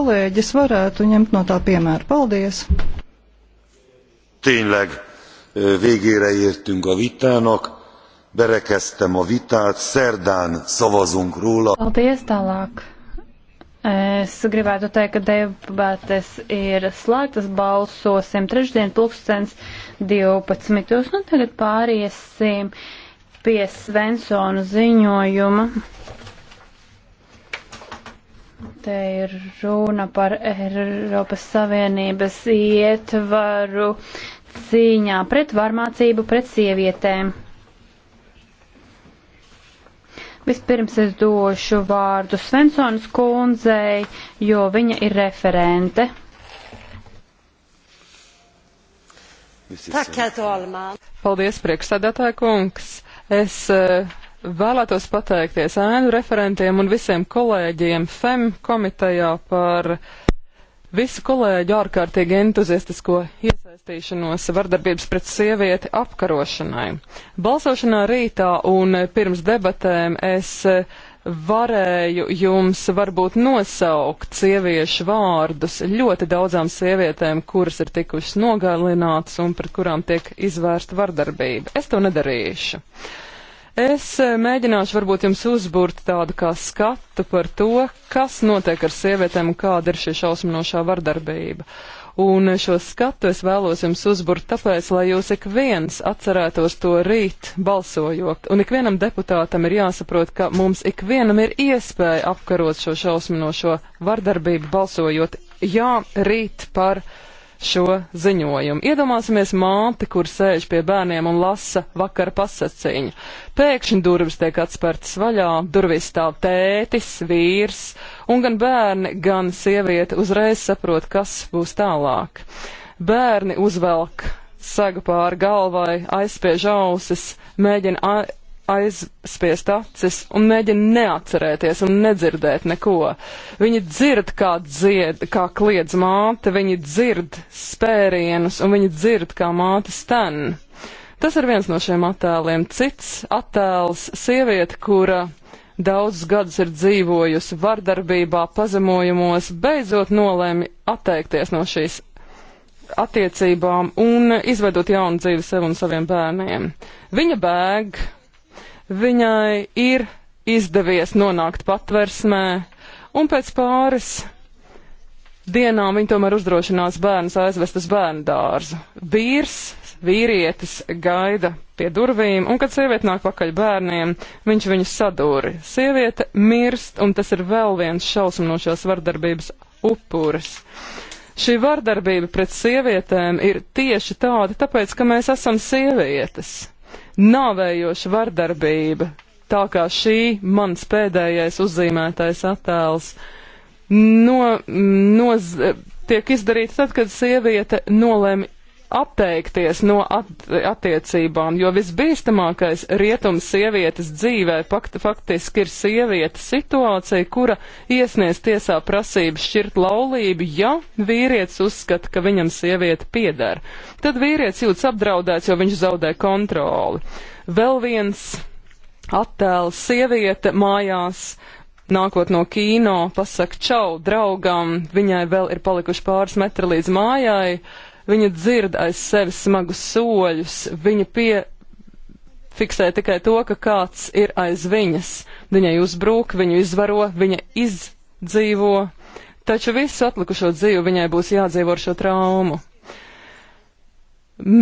kolēģis varētu ņemt no tā piemēru. Paldies! Tényleg végére értünk a vitának, berekeztem a vitát, szerdán szavazunk róla. Paldies tālāk! Es gribētu teikt, ka debates ir slēgtas, balsosim trešdien pulkstens 12. Nu, tagad pāriesim pie Svensona ziņojuma. Te ir runa par Eiropas Savienības ietvaru cīņā pret varmācību pret sievietēm. Vispirms es došu vārdu Svensons kundzei, jo viņa ir referente. Paldies, priekšsēdētāja kungs. Es uh, Vēlētos pateikties ēnu referentiem un visiem kolēģiem FEM komitejā par visu kolēģu ārkārtīgi entuziastisko iesaistīšanos vardarbības pret sievieti apkarošanai. Balsošanā rītā un pirms debatēm es varēju jums varbūt nosaukt sieviešu vārdus ļoti daudzām sievietēm, kuras ir tikušas nogalinātas un pret kurām tiek izvērsta vardarbība. Es to nedarīšu. Es eh, mēģināšu varbūt jums uzburt tādu kā skatu par to, kas notiek ar sievietēm un kāda ir šī šausminošā vardarbība. Un šo skatu es vēlos jums uzburt tāpēc, lai jūs ik viens atcerētos to rīt balsojot. Un ik vienam deputātam ir jāsaprot, ka mums ik vienam ir iespēja apkarot šo šausminošo vardarbību balsojot jā rīt par šo ziņojumu. Iedomāsimies māti, kur sēž pie bērniem un lasa vakara pasaciņu. Pēkšņi durvis tiek atspērtas vaļā, durvis stāv tētis, vīrs, un gan bērni, gan sieviete uzreiz saprot, kas būs tālāk. Bērni uzvelk sagu pāri galvai, aizspiež ausis, mēģina aizspiest acis un mēģina neatcerēties un nedzirdēt neko. Viņi dzird, kā, dzied, kā kliedz māte, viņi dzird spērienus un viņi dzird, kā māte sten. Tas ir viens no šiem attēliem. Cits attēls - sieviete, kura daudzus gadus ir dzīvojusi vardarbībā, pazemojumos, beidzot nolēma atteikties no šīs attiecībām un izveidot jaunu dzīvi sev un saviem bērniem. Viņa bēg, Viņai ir izdevies nonākt patversmē, un pēc pāris dienām viņa tomēr uzdrošinās bērnus aizvest uz bērnu dārzu. Vīrs, vīrietis gaida pie durvīm, un kad sieviete nāk pakaļ bērniem, viņš viņu sadūri. Sieviete mirst, un tas ir vēl viens šausminošās vardarbības upuris. Šī vardarbība pret sievietēm ir tieši tāda, tāpēc, ka mēs esam sievietes nāvējoša vardarbība, tā kā šī mans pēdējais uzzīmētais attēls no, noz, tiek izdarīts tad, kad sieviete nolēma atteikties no at attiecībām, jo visbīstamākais rietums sievietes dzīvē fakt faktiski ir sievietes situācija, kura iesniedz tiesā prasības šķirt laulību, ja vīrietis uzskata, ka viņam sieviete pieder. Tad vīrietis jūtas apdraudēts, jo viņš zaudē kontroli. Vēl viens attēls sieviete mājās. Nākot no kino, pasaka čau draugam, viņai vēl ir palikuši pāris metri līdz mājai, uh, Viņa dzird aiz sevis smagus soļus, viņa piefiksē tikai to, ka kāds ir aiz viņas. Viņai uzbrūk, viņu izvaro, viņa izdzīvo, taču visu atlikušo dzīvi viņai būs jādzīvo ar šo traumu.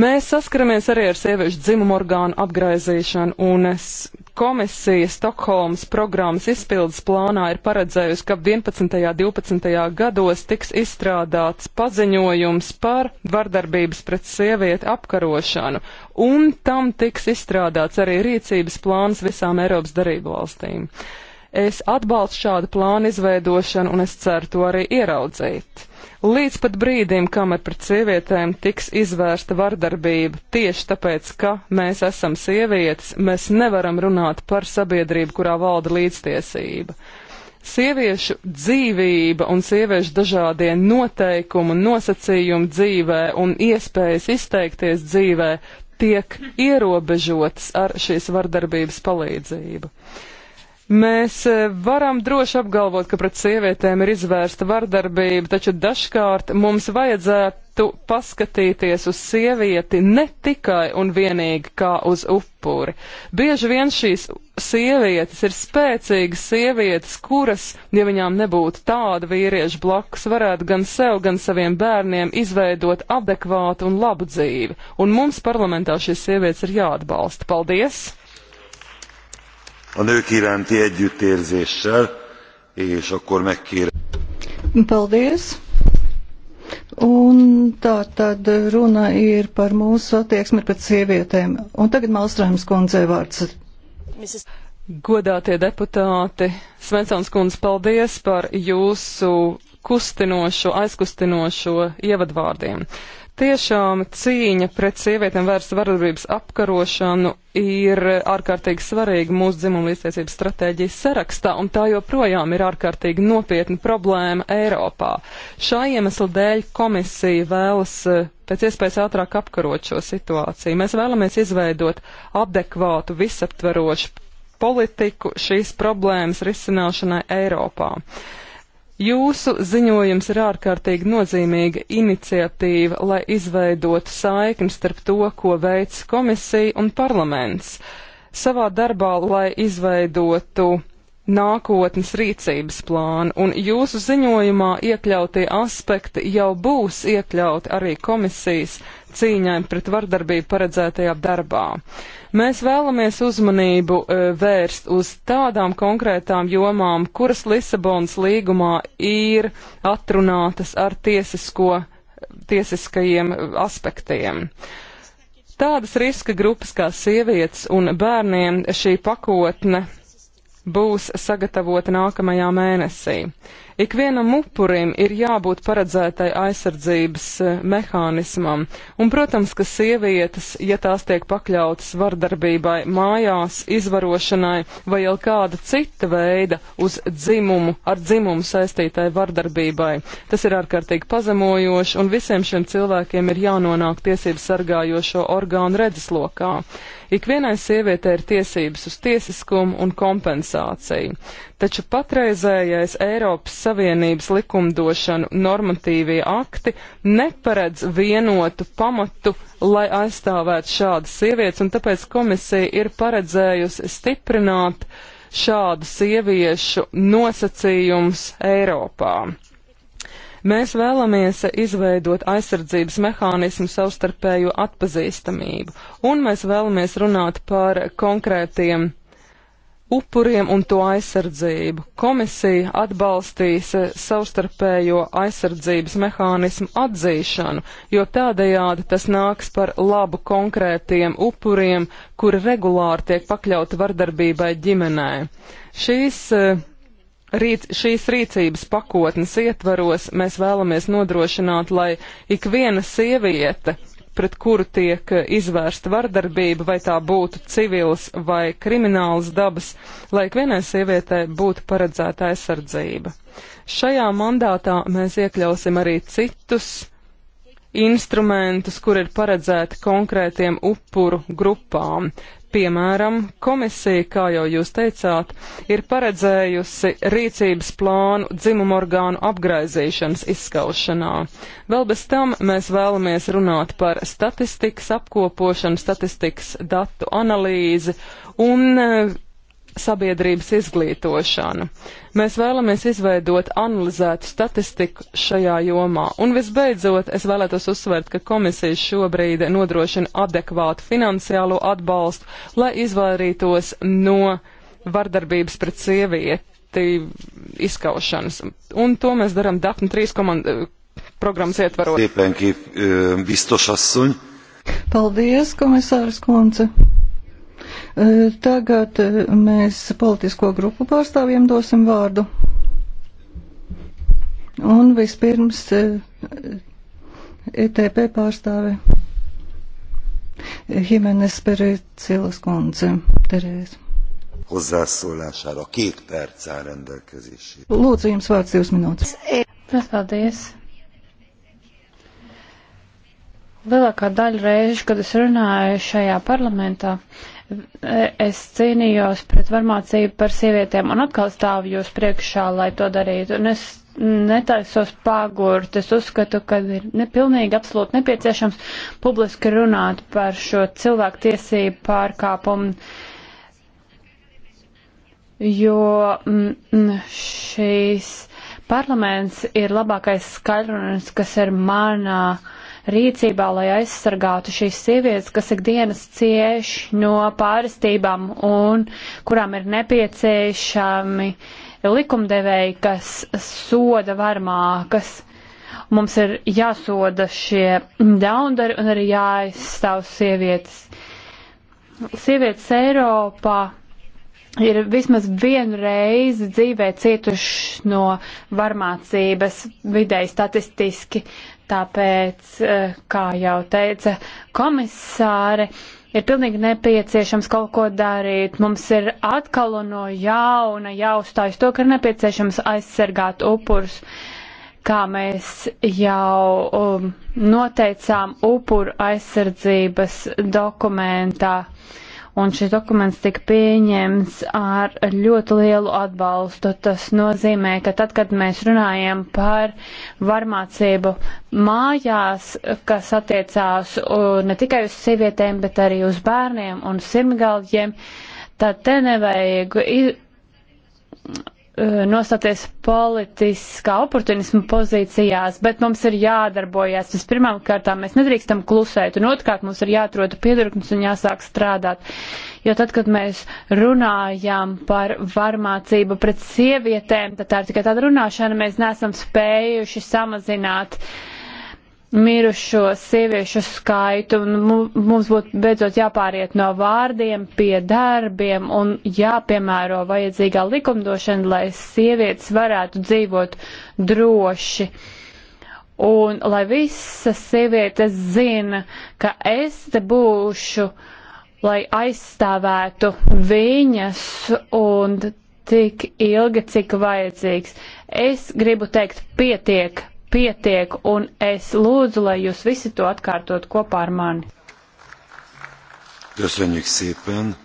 Mēs saskaramies arī ar sieviešu dzimumu orgānu apgraizīšanu, un komisija Stokholmas programmas izpildes plānā ir paredzējusi, ka 11. un 12. gados tiks izstrādāts paziņojums par vardarbības pret sievieti apkarošanu, un tam tiks izstrādāts arī rīcības plāns visām Eiropas darību valstīm. Es atbalstu šādu plānu izveidošanu un es ceru to arī ieraudzīt. Līdz pat brīdim, kamēr pret sievietēm tiks izvērsta vardarbība, tieši tāpēc, ka mēs esam sievietes, mēs nevaram runāt par sabiedrību, kurā valda līdztiesība sieviešu dzīvība un sieviešu dažādie noteikumi un nosacījumi dzīvē un iespējas izteikties dzīvē tiek ierobežotas ar šīs vardarbības palīdzību. Mēs e, varam droši apgalvot, ka pret sievietēm ir izvērsta vardarbība, taču dažkārt mums vajadzētu paskatīties uz sievieti ne tikai un vienīgi kā uz upuri. Bieži vien šīs sievietes ir spēcīgas sievietes, kuras, ja viņām nebūtu tāda vīrieša blakus, varētu gan sev, gan saviem bērniem izveidot adekvātu un labu dzīvi. Un mums parlamentā šīs sievietes ir jāatbalsta. Paldies! a nők iránti együttérzéssel, és akkor megkérem. Paldies! Un tā tad runa ir par mūsu attieksmi pret sievietēm. Un tagad Malstrāms kundzei vārds. Godātie deputāti, Svensons kundze, paldies par jūsu kustinošo, aizkustinošo ievadvārdiem. Tiešām cīņa pret sievietēm vērsta vardarbības apkarošanu ir ārkārtīgi svarīga mūsu dzimuma līdztiesības stratēģijas sarakstā, un tā joprojām ir ārkārtīgi nopietna problēma Eiropā. Šā iemesla dēļ komisija vēlas eh, pēc iespējas ātrāk apkarot šo situāciju. Mēs vēlamies izveidot adekvātu, visaptverošu politiku šīs problēmas risināšanai Eiropā. Jūsu ziņojums ir ārkārtīgi nozīmīga iniciatīva, lai izveidotu saikni starp to, ko veic komisija un parlaments savā darbā, lai izveidotu nākotnes rīcības plānu, un jūsu ziņojumā iekļautie aspekti jau būs iekļauti arī komisijas cīņai pret vardarbību paredzētajā darbā. Mēs vēlamies uzmanību e, vērst uz tādām konkrētām jomām, kuras Lisabonas līgumā ir atrunātas ar tiesisko, tiesiskajiem aspektiem. Tādas riska grupas kā sievietes un bērniem šī pakotne būs sagatavota nākamajā mēnesī. Ikvienam upurim ir jābūt paredzētai aizsardzības eh, mehānismam, un, protams, ka sievietes, ja tās tiek pakļautas vardarbībai mājās, izvarošanai vai jau kāda cita veida uz dzimumu, ar dzimumu saistītai vardarbībai, tas ir ārkārtīgi pazemojoši, un visiem šiem cilvēkiem ir jānonāk tiesību sargājošo orgānu redzeslokā. Ikvienai sievietei ir tiesības uz tiesiskumu un kompensāciju, taču patreizējais Eiropas Savienības likumdošanu normatīvie akti neparedz vienotu pamatu, lai aizstāvētu šādas sievietes, un tāpēc komisija ir paredzējusi stiprināt šādu sieviešu nosacījums Eiropā. Mēs vēlamies izveidot aizsardzības mehānismu savstarpējo atpazīstamību, un mēs vēlamies runāt par konkrētiem upuriem un to aizsardzību. Komisija atbalstīs savstarpējo aizsardzības mehānismu atzīšanu, jo tādējādi tas nāks par labu konkrētiem upuriem, kuri regulāri tiek pakļauti vardarbībai ģimenē. Šīs Rīc, šīs rīcības pakotnes ietvaros mēs vēlamies nodrošināt, lai ik viena sieviete, pret kuru tiek eh, izvērsta vardarbība, vai tā būtu civils vai krimināls dabas, lai ik vienai sievietei būtu paredzēta aizsardzība. Šajā mandātā mēs iekļausim arī citus instrumentus, kur ir paredzēti konkrētiem upuru grupām. Piemēram, komisija, kā jau jūs teicāt, ir paredzējusi rīcības plānu dzimumu orgānu apgraizīšanas izskaušanā. Vēl bez tam mēs vēlamies runāt par statistikas apkopošanu, statistikas datu analīzi un eh, sabiedrības izglītošanu. Mēs vēlamies izveidot analizētu statistiku šajā jomā. Un visbeidzot, es vēlētos uzsvērt, ka komisija šobrīd nodrošina adekvātu finansiālo atbalstu, lai izvairītos no vardarbības pret sievieti izkaušanas. Un to mēs darām Dapni 3 komand... programmas ietvaros. Paldies, komisārs Konce! Tagad eh, mēs politisko grupu pārstāvjiem dosim vārdu. Un vispirms ETP eh, e pārstāve eh, Jimenez Pericilas kundze, Terēze. Hozzászólására két perc áll rendelkezésére. Lūdzu, jums vārds divas minūtes. Paldies. Lielākā daļa reižu, kad es runāju šajā parlamentā, es cīnījos pret varmācību par sievietēm un atkal stāvu jūs priekšā, lai to darītu. Un es netaisos pāgurt, es uzskatu, ka ir nepilnīgi absolūti nepieciešams publiski runāt par šo cilvēku tiesību pārkāpumu, jo mm, šīs parlaments ir labākais skaļrunis, kas ir manā. Uh, rīcībā, lai aizsargātu šīs sievietes, kas ikdienas cieš no pārstībām un kurām ir nepieciešami likumdevēji, kas soda varmākas. Mums ir jāsoda šie daundari un arī jāaizstāv sievietes. Sievietes Eiropā ir vismaz vienu reizi dzīvē cietuši no varmācības vidēji statistiski Tāpēc, eh, kā jau teica komisāri, ir pilnīgi nepieciešams kaut ko darīt. Mums ir atkal un no jauna jāuzstājas to, ka ir nepieciešams aizsargāt upurus. Kā mēs jau um, noteicām upuru aizsardzības dokumentā. Uh, un šis dokuments tika pieņemts ar ļoti lielu atbalstu. Tas nozīmē, ka tad, kad mēs runājam par varmācību mājās, kas attiecās ne tikai uz sievietēm, bet arī uz bērniem un simgalģiem, tad te nevajag Eh, nostāties politiskā oportunisma pozīcijās, bet mums ir jādarbojas. Vispirmām kārtām mēs nedrīkstam klusēt, un otrkārt mums ir jāatrod piedurknes un jāsāk strādāt. Jo tad, kad mēs runājam par varmācību pret sievietēm, tad tā ir tikai tāda runāšana, mēs nesam spējuši samazināt uh, mirušo sieviešu skaitu, un mums būtu beidzot jāpāriet no vārdiem pie darbiem un jāpiemēro vajadzīgā likumdošana, lai sievietes varētu dzīvot droši. Un lai visas sievietes zina, ka es te būšu, lai aizstāvētu viņas un tik ilgi, cik vajadzīgs. Es gribu teikt, pietiek, pietiek, un es lūdzu, lai jūs visi to atkārtot kopā ar mani. Köszönjük szépen!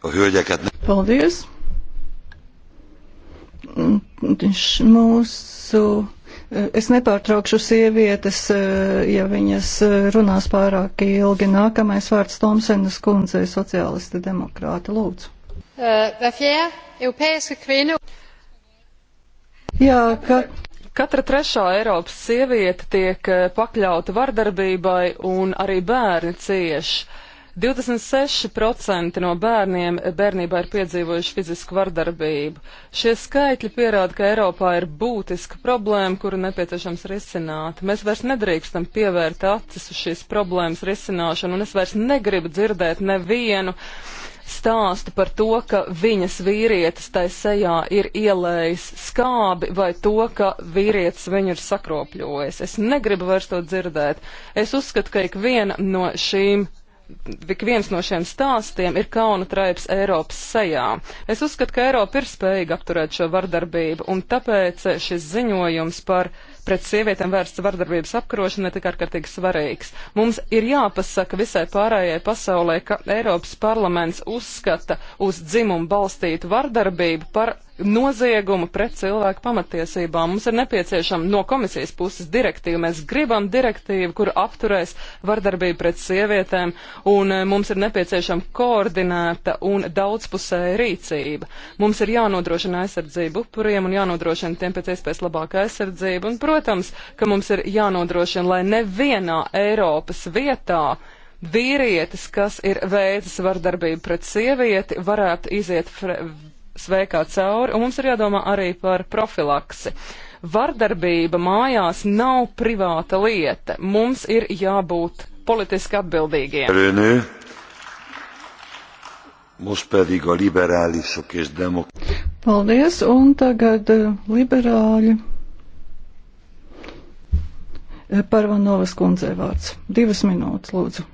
A hölgyeket nem... Paldies! Mūsu, es nepārtraukšu sievietes, ja viņas runās pārāk ilgi. Nākamais vārds Tomsenas kundzei, sociālisti demokrāti, lūdzu. Uh, Jā, ka Katra trešā Eiropas sieviete tiek eh, pakļauta vardarbībai un arī bērni cieš. 26% no bērniem eh, bērnībā ir piedzīvojuši fizisku vardarbību. Šie skaitļi pierāda, ka Eiropā ir būtiska problēma, kuru nepieciešams risināt. Mēs vairs nedrīkstam pievērt acis uz šīs problēmas risināšanu, un es vairs negribu dzirdēt nevienu uh, stāstu par to, ka viņas vīrietis tai sejā ir ielējis skābi vai to, ka vīrietis viņu ir sakropļojis. Es negribu vairs to dzirdēt. Es uzskatu, ka ik viena no šīm ik viens no šiem stāstiem ir kauna traips Eiropas sejā. Es uzskatu, ka Eiropa ir spējīga apturēt šo vardarbību, un tāpēc šis ziņojums par uh, pret sievietēm vērsta vardarbības apkarošana ir tik ārkārtīgi svarīgs. Mums ir jāpasaka visai pārējai pasaulē, ka Eiropas parlaments uzskata uz dzimumu balstītu vardarbību par noziegumu pret cilvēku pamatiesībām. Mums ir nepieciešama no komisijas puses direktīva. Mēs gribam direktīvu, kur apturēs vardarbību pret sievietēm, un e, mums ir nepieciešama koordinēta un daudzpusēja rīcība. Mums ir jānodrošina aizsardzību upuriem un jānodrošina tiem pēc iespējas labāka aizsardzība, un, protams, ka mums ir jānodrošina, lai nevienā Eiropas vietā vīrietis, kas ir veicis vardarbību pret sievieti, varētu iziet sveikā cauri, un mums ir jādomā arī par profilaksi. Vardarbība mājās nav privāta lieta. Mums ir jābūt politiski atbildīgiem. Rene. Most pedig a liberálisok és demokraták. Paldies, un tagad eh, liberāļi. Eh, Parvanovas kundzei vārds. Divas minūtes, lūdzu.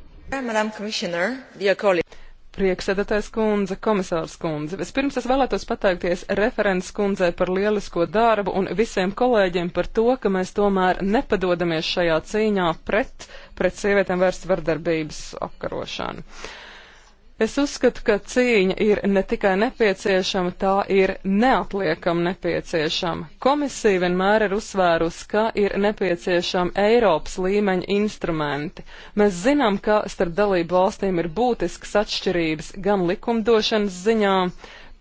Madam Commissioner, dear colleague. Prieksēdētais kundze, komisārs kundze, vispirms es vēlētos pateikties referents kundzei par lielisko darbu un visiem kolēģiem par to, ka mēs tomēr nepadodamies šajā cīņā pret, pret sievietēm vērstu vardarbības apkarošanu. Uh, Es uzskatu, ka cīņa ir ne tikai nepieciešama, tā ir neatliekam nepieciešama. Komisija vienmēr ir uzsvērusi, ka ir nepieciešama Eiropas līmeņa instrumenti. Mēs zinām, ka starp dalību valstīm ir būtiskas atšķirības gan likumdošanas ziņā.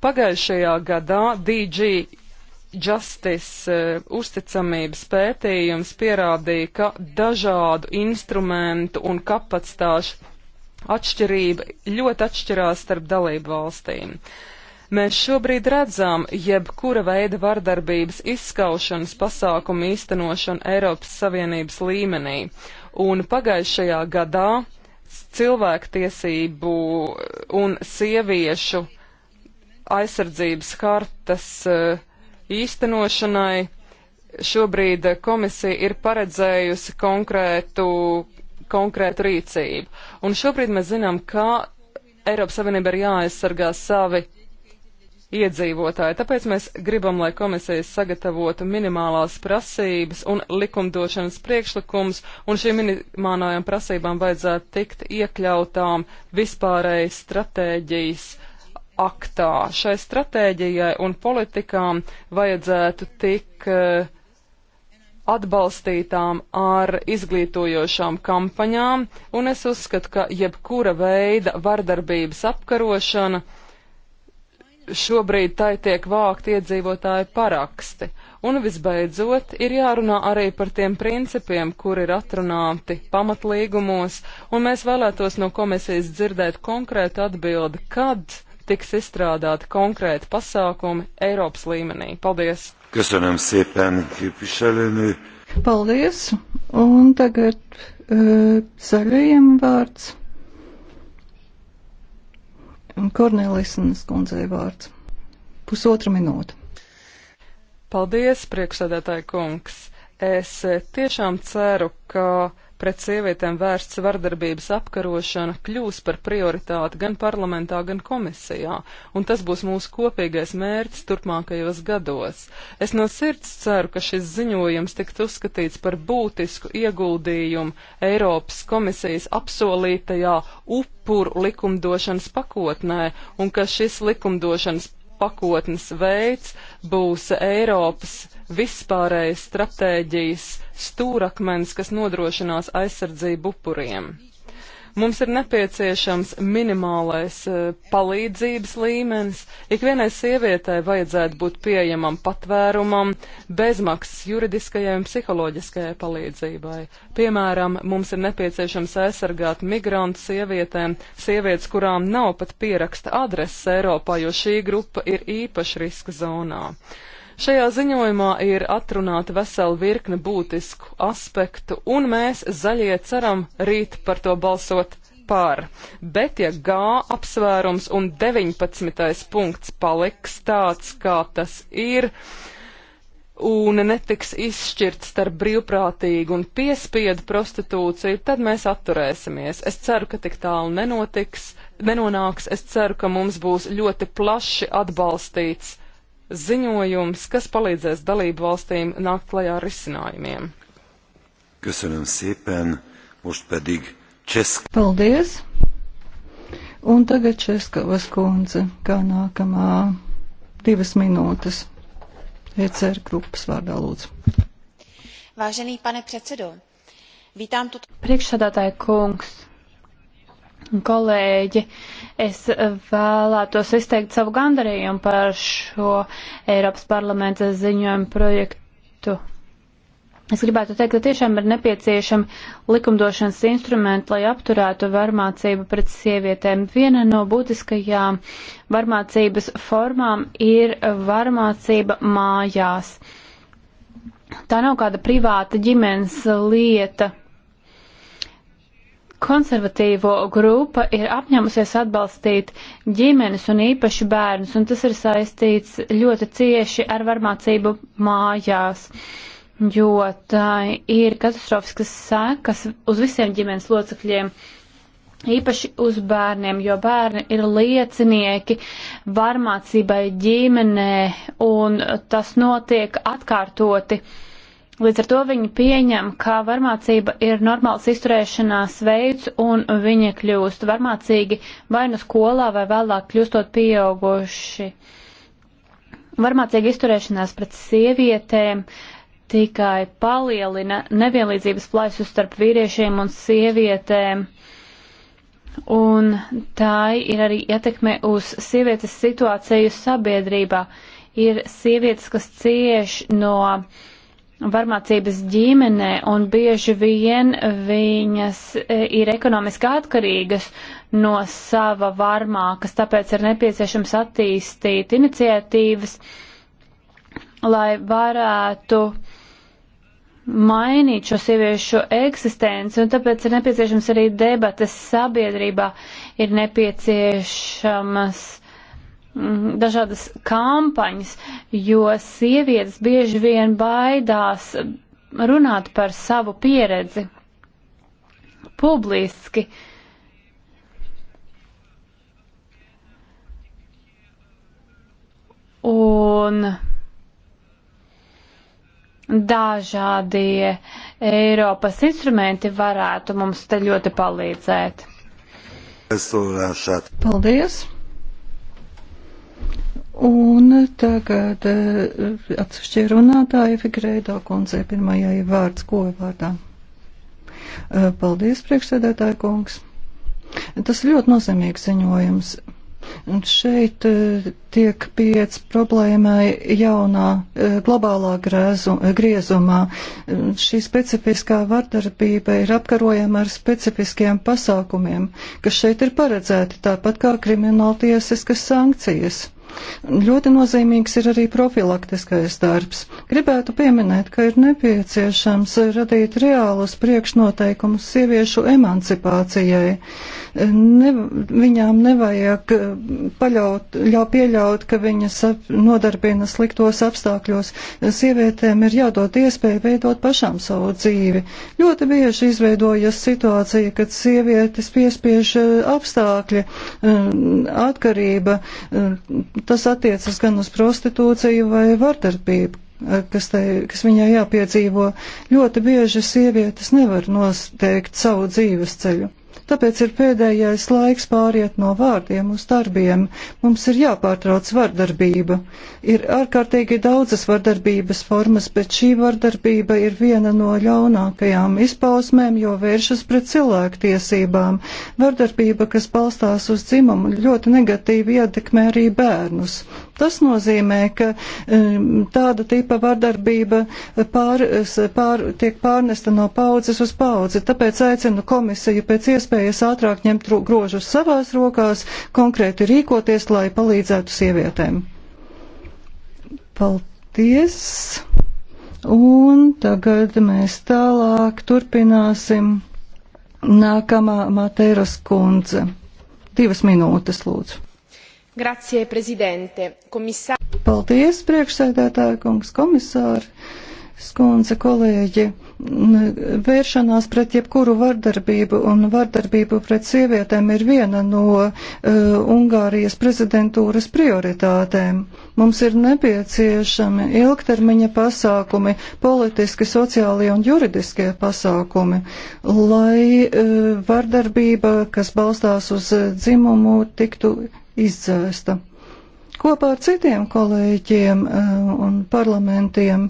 Pagājušajā gadā DG Justice uh, uzticamības pētījums pierādīja, ka dažādu instrumentu un kapacitāšu atšķirība ļoti atšķirās starp dalību valstīm. Mēs šobrīd redzam jebkura veida vardarbības izskaušanas pasākumu īstenošanu Eiropas Savienības līmenī, un pagājušajā gadā cilvēktiesību un sieviešu aizsardzības hartas eh, īstenošanai šobrīd komisija ir paredzējusi konkrētu konkrētu rīcību. Un šobrīd mēs zinām, ka Eiropas Savienība ir jāaizsargā savi iedzīvotāji. Tāpēc mēs gribam, lai komisijas sagatavotu minimālās prasības un likumdošanas priekšlikums, un šīm minimālajām prasībām vajadzētu tikt iekļautām vispārēji stratēģijas aktā. Šai stratēģijai un politikām vajadzētu tik uh, atbalstītām ar izglītojošām kampaņām, un es uzskatu, ka jebkura veida vardarbības apkarošana šobrīd tai tiek vākt iedzīvotāju paraksti. Un visbeidzot, ir jārunā arī par tiem principiem, kur ir atrunāti pamatlīgumos, un mēs vēlētos no komisijas dzirdēt konkrētu atbildi, kad tiks izstrādāti konkrēti pasākumi Eiropas līmenī. Paldies! Köszönöm szépen, képviselőnő. Paldies, un tagad uh, zaļajiem vārds. Kornelīsnes kundzei vārds. Pusotra minūte. Paldies, priekšsēdētāji kungs. Es tiešām ceru, ka pret sievietēm vērsts vardarbības apkarošana kļūs par prioritāti gan parlamentā, gan komisijā, un tas būs mūsu kopīgais mērķis turpmākajos gados. Es no sirds ceru, ka šis ziņojums tiks uzskatīts par būtisku ieguldījumu Eiropas komisijas apsolītajā upuru likumdošanas pakotnē, un ka šis likumdošanas pakotnes veids būs Eiropas vispārējas stratēģijas stūrakmens, kas nodrošinās aizsardzību upuriem. Mums ir nepieciešams minimālais eh, palīdzības līmenis. Ikvienai sievietei vajadzētu būt pieejamam patvērumam, bezmaksas juridiskajai un psiholoģiskajai palīdzībai. Piemēram, mums ir nepieciešams aizsargāt migrantu sievietēm, sievietes, kurām nav pat pieraksta adreses Eiropā, jo šī grupa ir īpaši riska zonā. Šajā ziņojumā ir atrunāta vesela virkne būtisku aspektu, un mēs zaļie ceram rīt par to balsot par. Bet ja G apsvērums un 19. punkts paliks tāds, kā tas ir, un netiks izšķirts starp brīvprātīgu un piespiedu prostitūciju, tad mēs atturēsimies. Es ceru, ka tik tālu nenotiks, nenonāks. Es ceru, ka mums būs ļoti plaši atbalstīts ziņojums, kas palīdzēs dalību valstīm nākt klajā ar risinājumiem. Köszönöm szépen, most pedig Česka. Paldies! Un tagad Českavas kundze, kā nākamā divas minūtes. ECR grupas vārdā lūdzu. Vážený pane předsedo, vítám tu. Priekšsādātāja kungs, un kolēģi, es vēlētos izteikt savu gandarījumu par šo Eiropas parlamenta ziņojumu projektu. Es gribētu teikt, ka tiešām ir nepieciešami likumdošanas instrumenti, lai apturētu varmācību pret sievietēm. Viena no būtiskajām varmācības formām ir varmācība mājās. Tā nav kāda privāta ģimenes lieta konservatīvo grupa ir apņēmusies atbalstīt ģimenes un īpaši bērnus, un tas ir saistīts ļoti cieši ar varmācību mājās, jo tā ir katastrofiskas sekas uz visiem ģimenes locekļiem. Īpaši uz bērniem, jo bērni ir liecinieki varmācībai ģimenē, un tas notiek atkārtoti. Uh, Līdz ar to viņi pieņem, ka varmācība ir normāls izturēšanās veids un viņi kļūst varmācīgi vai nu skolā vai vēlāk kļūstot pieauguši. Varmācīga izturēšanās pret sievietēm tikai palielina nevienlīdzības plaisu starp vīriešiem un sievietēm. Un tā ir arī ietekme uz sievietes situāciju sabiedrībā. Ir sievietes, kas cieš no uh, varmācības ģimenē, un bieži vien viņas e, ir ekonomiski atkarīgas no sava varmākas, tāpēc ir nepieciešams attīstīt iniciatīvas, lai varētu mainīt šo sieviešu eksistenci, un tāpēc ir nepieciešams arī debates sabiedrībā, ir nepieciešamas Mhm, dažādas kampaņas, jo sievietes bieži vien baidās runāt par savu pieredzi publiski. Un dažādie Eiropas instrumenti varētu mums te ļoti palīdzēt. Paldies! Un tagad eh, atsevišķi runātāja Figrēdā kundze pirmajai vārds ko vārdā. Eh, paldies, priekšsēdētāja kungs. Tas ir ļoti nozīmīgs ziņojums. Un šeit eh, tiek piec problēmai jaunā globālā grēzu, griezumā. Šī specifiskā vardarbība ir apkarojama ar specifiskiem pasākumiem, kas šeit ir paredzēti, tāpat kā krimināltiesiskas sankcijas. Ļoti nozīmīgs ir arī profilaktiskais darbs. Gribētu pieminēt, ka ir nepieciešams radīt reālus priekšnoteikumus sieviešu emancipācijai. Ne, viņām nevajag eh, paļaut, ļau pieļaut, ka viņas nodarbina sliktos apstākļos. Sievietēm ir jādod iespēja veidot pašām savu dzīvi. Ļoti bieži izveidojas situācija, kad sievietes piespiež eh, apstākļi, eh, atkarība, Tas attiecas gan uz prostitūciju vai vardarbību, eh, kas, tai, kas viņai jāpiedzīvo. Ļoti bieži sievietes nevar nosteikt savu dzīves ceļu. Tāpēc ir pēdējais laiks pāriet no vārdiem uz darbiem. Mums ir jāpārtrauc vardarbība. Ir ārkārtīgi daudzas vardarbības formas, bet šī vardarbība ir viena no ļaunākajām izpausmēm, jo vēršas pret cilvēktiesībām. Vardarbība, kas balstās uz dzimumu, ļoti negatīvi ietekmē arī bērnus. Tas nozīmē, ka um, tāda tipa vardarbība pār, pār, tiek pārnesta no paudzes uz paudzi. Tāpēc aicinu komisiju pēc iespējas ātrāk ņemt grožus savās rokās, konkrēti rīkoties, lai palīdzētu sievietēm. Paldies! Un tagad mēs tālāk turpināsim. Nākamā Matēras kundze. Divas minūtes, lūdzu. Grazie, prezidente, komisāri. Paldies, priekšsēdētāja kungs, komisāri, skundze, kolēģi vēršanās pret jebkuru vardarbību un vardarbību pret sievietēm ir viena no uh, Ungārijas prezidentūras prioritātēm. Mums ir nepieciešami ilgtermiņa pasākumi, politiski, sociālie un juridiskie pasākumi, lai uh, vardarbība, kas balstās uz dzimumu, tiktu izdzēsta. Kopā ar citiem kolēģiem eh, un parlamentiem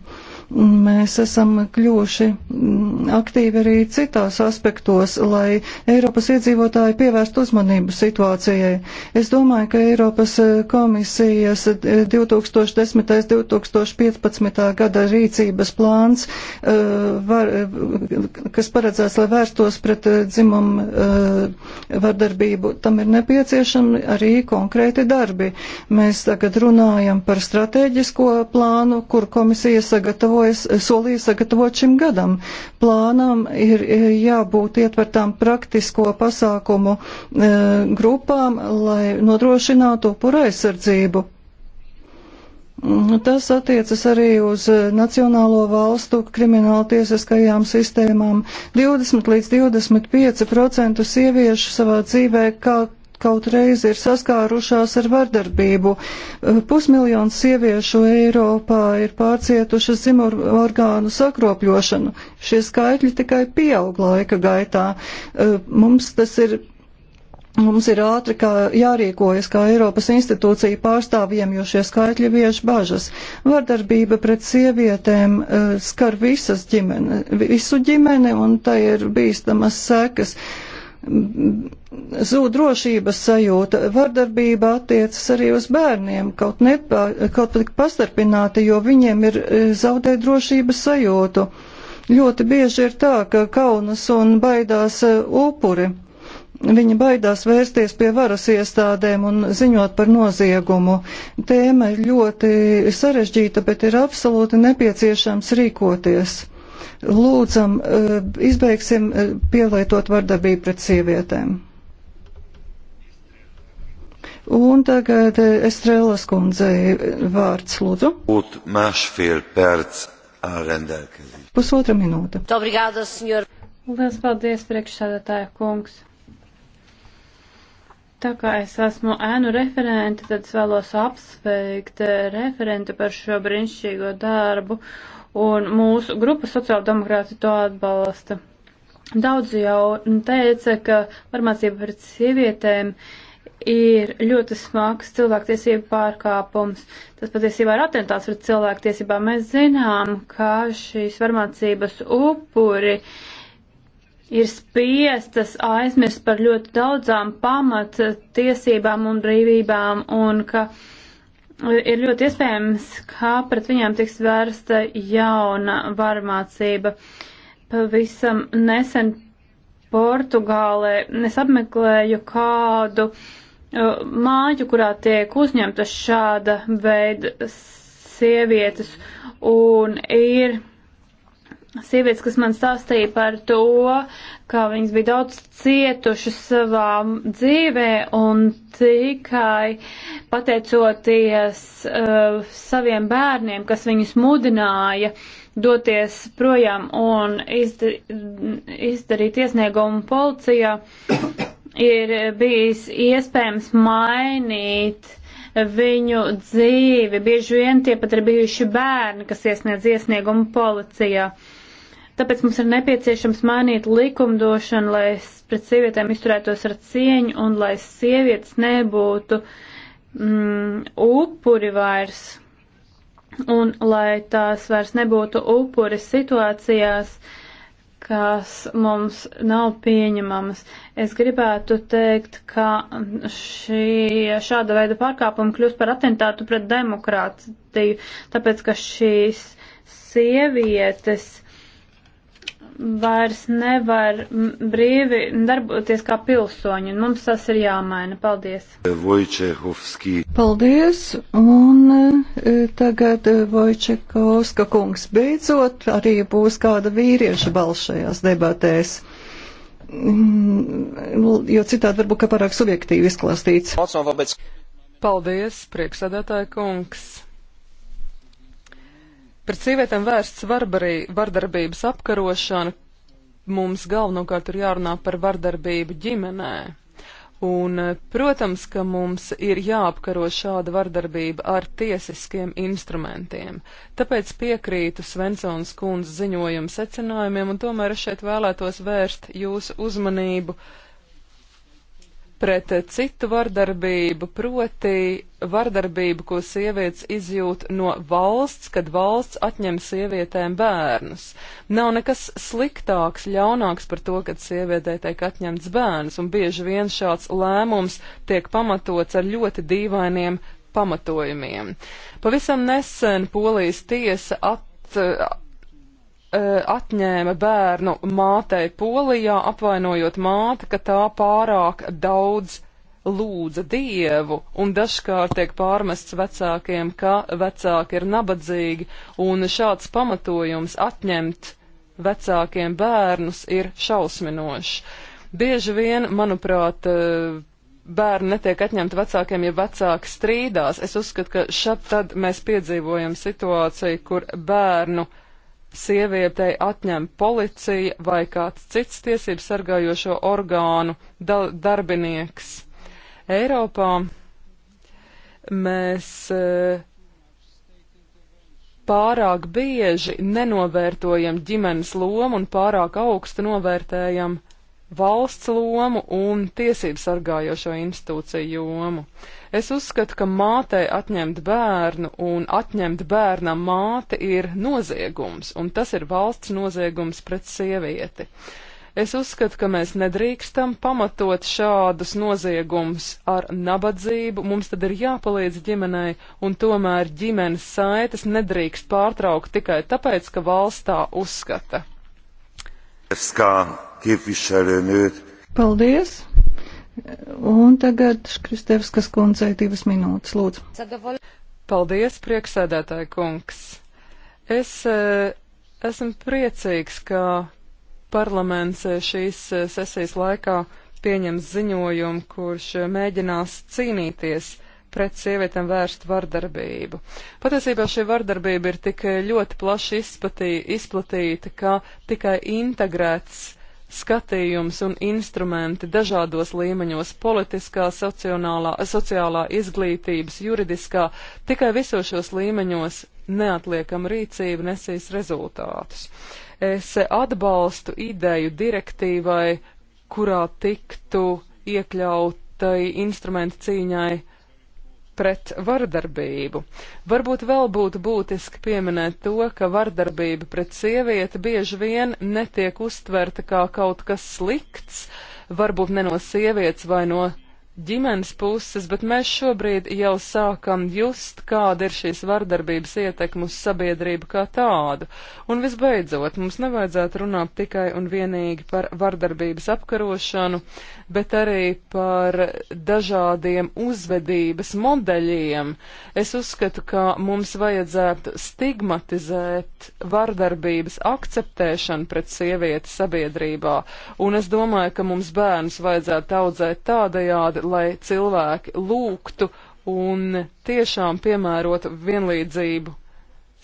Mēs esam kļuvuši mm, aktīvi arī citās aspektos, lai Eiropas iedzīvotāji pievērst uzmanību situācijai. Es domāju, ka Eiropas eh, komisijas 2010. Eh, 2015. gada rīcības plāns, eh, var, kas paredzēts, lai vērstos pret dzimumu vardarbību, tam ir nepieciešami arī konkrēti darbi. Mēs tagad runājam par strateģisko plānu, kur komisija sagatavo gatavojas, solīja sagatavot šim gadam. Plānam ir e, jābūt ietvertām praktisko pasākumu e, grupām, lai nodrošinātu upura aizsardzību. Tas attiecas arī uz Nacionālo valstu krimināla tiesiskajām sistēmām. 20 līdz 25% sieviešu savā dzīvē kā kaut reiz ir saskārušās ar vardarbību. Eh, pusmiljons sieviešu Eiropā ir pārcietušas zimumu orgānu sakropļošanu. Šie skaitļi tikai pieaug laika gaitā. Eh, mums tas ir Mums ir ātri kā jārīkojas kā Eiropas institūcija pārstāvjiem, jo šie skaitļi bieži bažas. Vardarbība pret sievietēm uh, skar visas ģimene, visu ģimeni, un tai ir bīstamas sekas. Uh, zūd drošības sajūta. Vardarbība attiecas arī uz bērniem, kaut, nepā, kaut pat pastarpināti, jo viņiem ir e, zaudē drošības sajūtu. Ļoti bieži ir tā, ka kaunas un baidās e, upuri. Viņa baidās vērsties pie varas iestādēm un ziņot par noziegumu. Tēma ir ļoti sarežģīta, bet ir absolūti nepieciešams rīkoties. Lūdzam, e, izbeigsim e, pielietot vardarbību pret sievietēm. Un tagad e, Estrēlas kundzei vārds, lūdzu. Būt mašfīl pērts ārendēkazī. Pusotra minūte. Obrigāda, senjor. Liels paldies, priekšsādātāja kungs. Tā kā es esmu ēnu referente, tad es vēlos apsveikt referente par šo brīnišķīgo darbu un mūsu grupa sociāldemokrāti to atbalsta. Daudz jau teica, ka varmācība pret sievietēm ir ļoti smags cilvēktiesību pārkāpums. Tas patiesībā ir atentāts pret cilvēktiesībām. Mēs zinām, ka šīs varmācības upuri ir spiestas aizmirst par ļoti daudzām pamat tiesībām un brīvībām un ka uh, ir ļoti iespējams, ka pret viņām tiks vērsta jauna varmācība. Pavisam nesen Portugālē es apmeklēju kādu uh, māju, kurā tiek uzņemta šāda veida sievietes un ir sievietes, kas man stāstīja par to, ka viņas bija daudz cietušas savā dzīvē un tikai pateicoties uh, saviem bērniem, kas viņus mudināja doties projām un izda izdarīt iesniegumu policijā, ir bijis iespējams mainīt uh, viņu dzīvi. Bieži vien tie pat ir bijuši bērni, kas iesniedz iesniegumu policijā. Uh, Tāpēc mums ir nepieciešams mainīt likumdošanu, lai pret sievietēm izturētos ar cieņu un lai sievietes nebūtu mm, upuri vairs un lai tās vairs nebūtu upuri situācijās, kas mums nav pieņemamas. Es gribētu teikt, ka šī, šāda veida pārkāpuma kļūst par atentātu pret demokrātiju, tāpēc ka šīs sievietes vairs nevar brīvi darboties kā pilsoņi, un mums tas ir jāmaina. Paldies! Vojčehovski. Paldies, un e, tagad e, Vojčekovska kungs beidzot arī būs kāda vīrieša balss šajās debatēs mm, jo citādi varbūt kā pārāk subjektīvi izklāstīts. Paldies, priekšsēdētāja kungs! Pret sievietēm vērsts varbarī, vardarbības apkarošana mums galvenokārt ir jārunā par vardarbību ģimenē. Un, eh, protams, ka mums ir jāapkaro šāda vardarbība ar tiesiskiem instrumentiem. Tāpēc piekrītu Svensons kundzes ziņojumu secinājumiem, un tomēr es šeit vēlētos vērst jūsu uzmanību uh, pret citu vardarbību, proti vardarbību, ko sievietes izjūt no valsts, kad valsts atņem sievietēm bērnus. Nav nekas sliktāks, ļaunāks par to, kad sievietē tiek atņemts bērns, un bieži vien šāds lēmums tiek pamatots ar ļoti dīvainiem pamatojumiem. Pavisam nesen Polijas tiesa at, Uh, atņēma bērnu mātei Polijā, apvainojot māti, ka tā pārāk daudz lūdza dievu, un dažkārt tiek pārmests vecākiem, ka vecāki ir nabadzīgi, un šāds pamatojums atņemt vecākiem bērnus ir šausminošs. Bieži vien, manuprāt, uh, bērni netiek atņemti vecākiem, ja vecāki strīdās. Es uzskatu, ka šad tad mēs piedzīvojam situāciju, kur bērnu uh, sievietei atņem policija vai kāds cits tiesību sargājošo orgānu da darbinieks. Eiropā mēs e, pārāk bieži nenovērtojam ģimenes lomu un pārāk augstu novērtējam valsts lomu un tiesību sargājošo institūciju jomu. Es uzskatu, ka mātei atņemt bērnu un atņemt bērnam māti ir noziegums, un tas ir valsts noziegums pret sievieti. Es uzskatu, ka mēs nedrīkstam pamatot šādus noziegumus ar nabadzību, mums tad ir jāpalīdz ģimenei, un tomēr ģimenes saites nedrīkst pārtraukt tikai tāpēc, ka valsts tā uzskata. Kā képviselőnőt. Paldies! Un tagad Kristevskas kundzei divas minūtes, lūdzu. Paldies, prieksēdētāji kungs! Es eh, esmu priecīgs, ka parlaments eh, šīs eh, sesijas laikā pieņems ziņojumu, kurš mēģinās cīnīties pret sievietēm vērstu vardarbību. Patiesībā šī vardarbība ir tik ļoti plaši izpatī, izplatīta, ka tikai integrēts skatījums un instrumenti dažādos līmeņos - politiskā, sociālā, izglītības, juridiskā, tikai visos šos līmeņos neatliekama rīcība nesīs rezultātus. Es atbalstu ideju direktīvai, kurā tiktu iekļautai instrumenti cīņai pret vardarbību. Varbūt vēl būtu būtiski pieminēt to, ka vardarbība pret sievieti bieži vien netiek uztverta kā kaut kas slikts, varbūt ne no sievietes vai no ģimenes puses, bet mēs šobrīd jau sākam just, kāda ir šīs vardarbības ietekme uz sabiedrību kā tādu. Un visbeidzot, mums nevajadzētu runāt tikai un vienīgi par vardarbības apkarošanu, bet arī par dažādiem uzvedības modeļiem. Es uzskatu, ka mums vajadzētu stigmatizēt vardarbības akceptēšanu pret sievieti sabiedrībā, un es domāju, ka mums bērnus vajadzētu audzēt tādajādi, lai cilvēki lūgtu un tiešām piemērotu vienlīdzību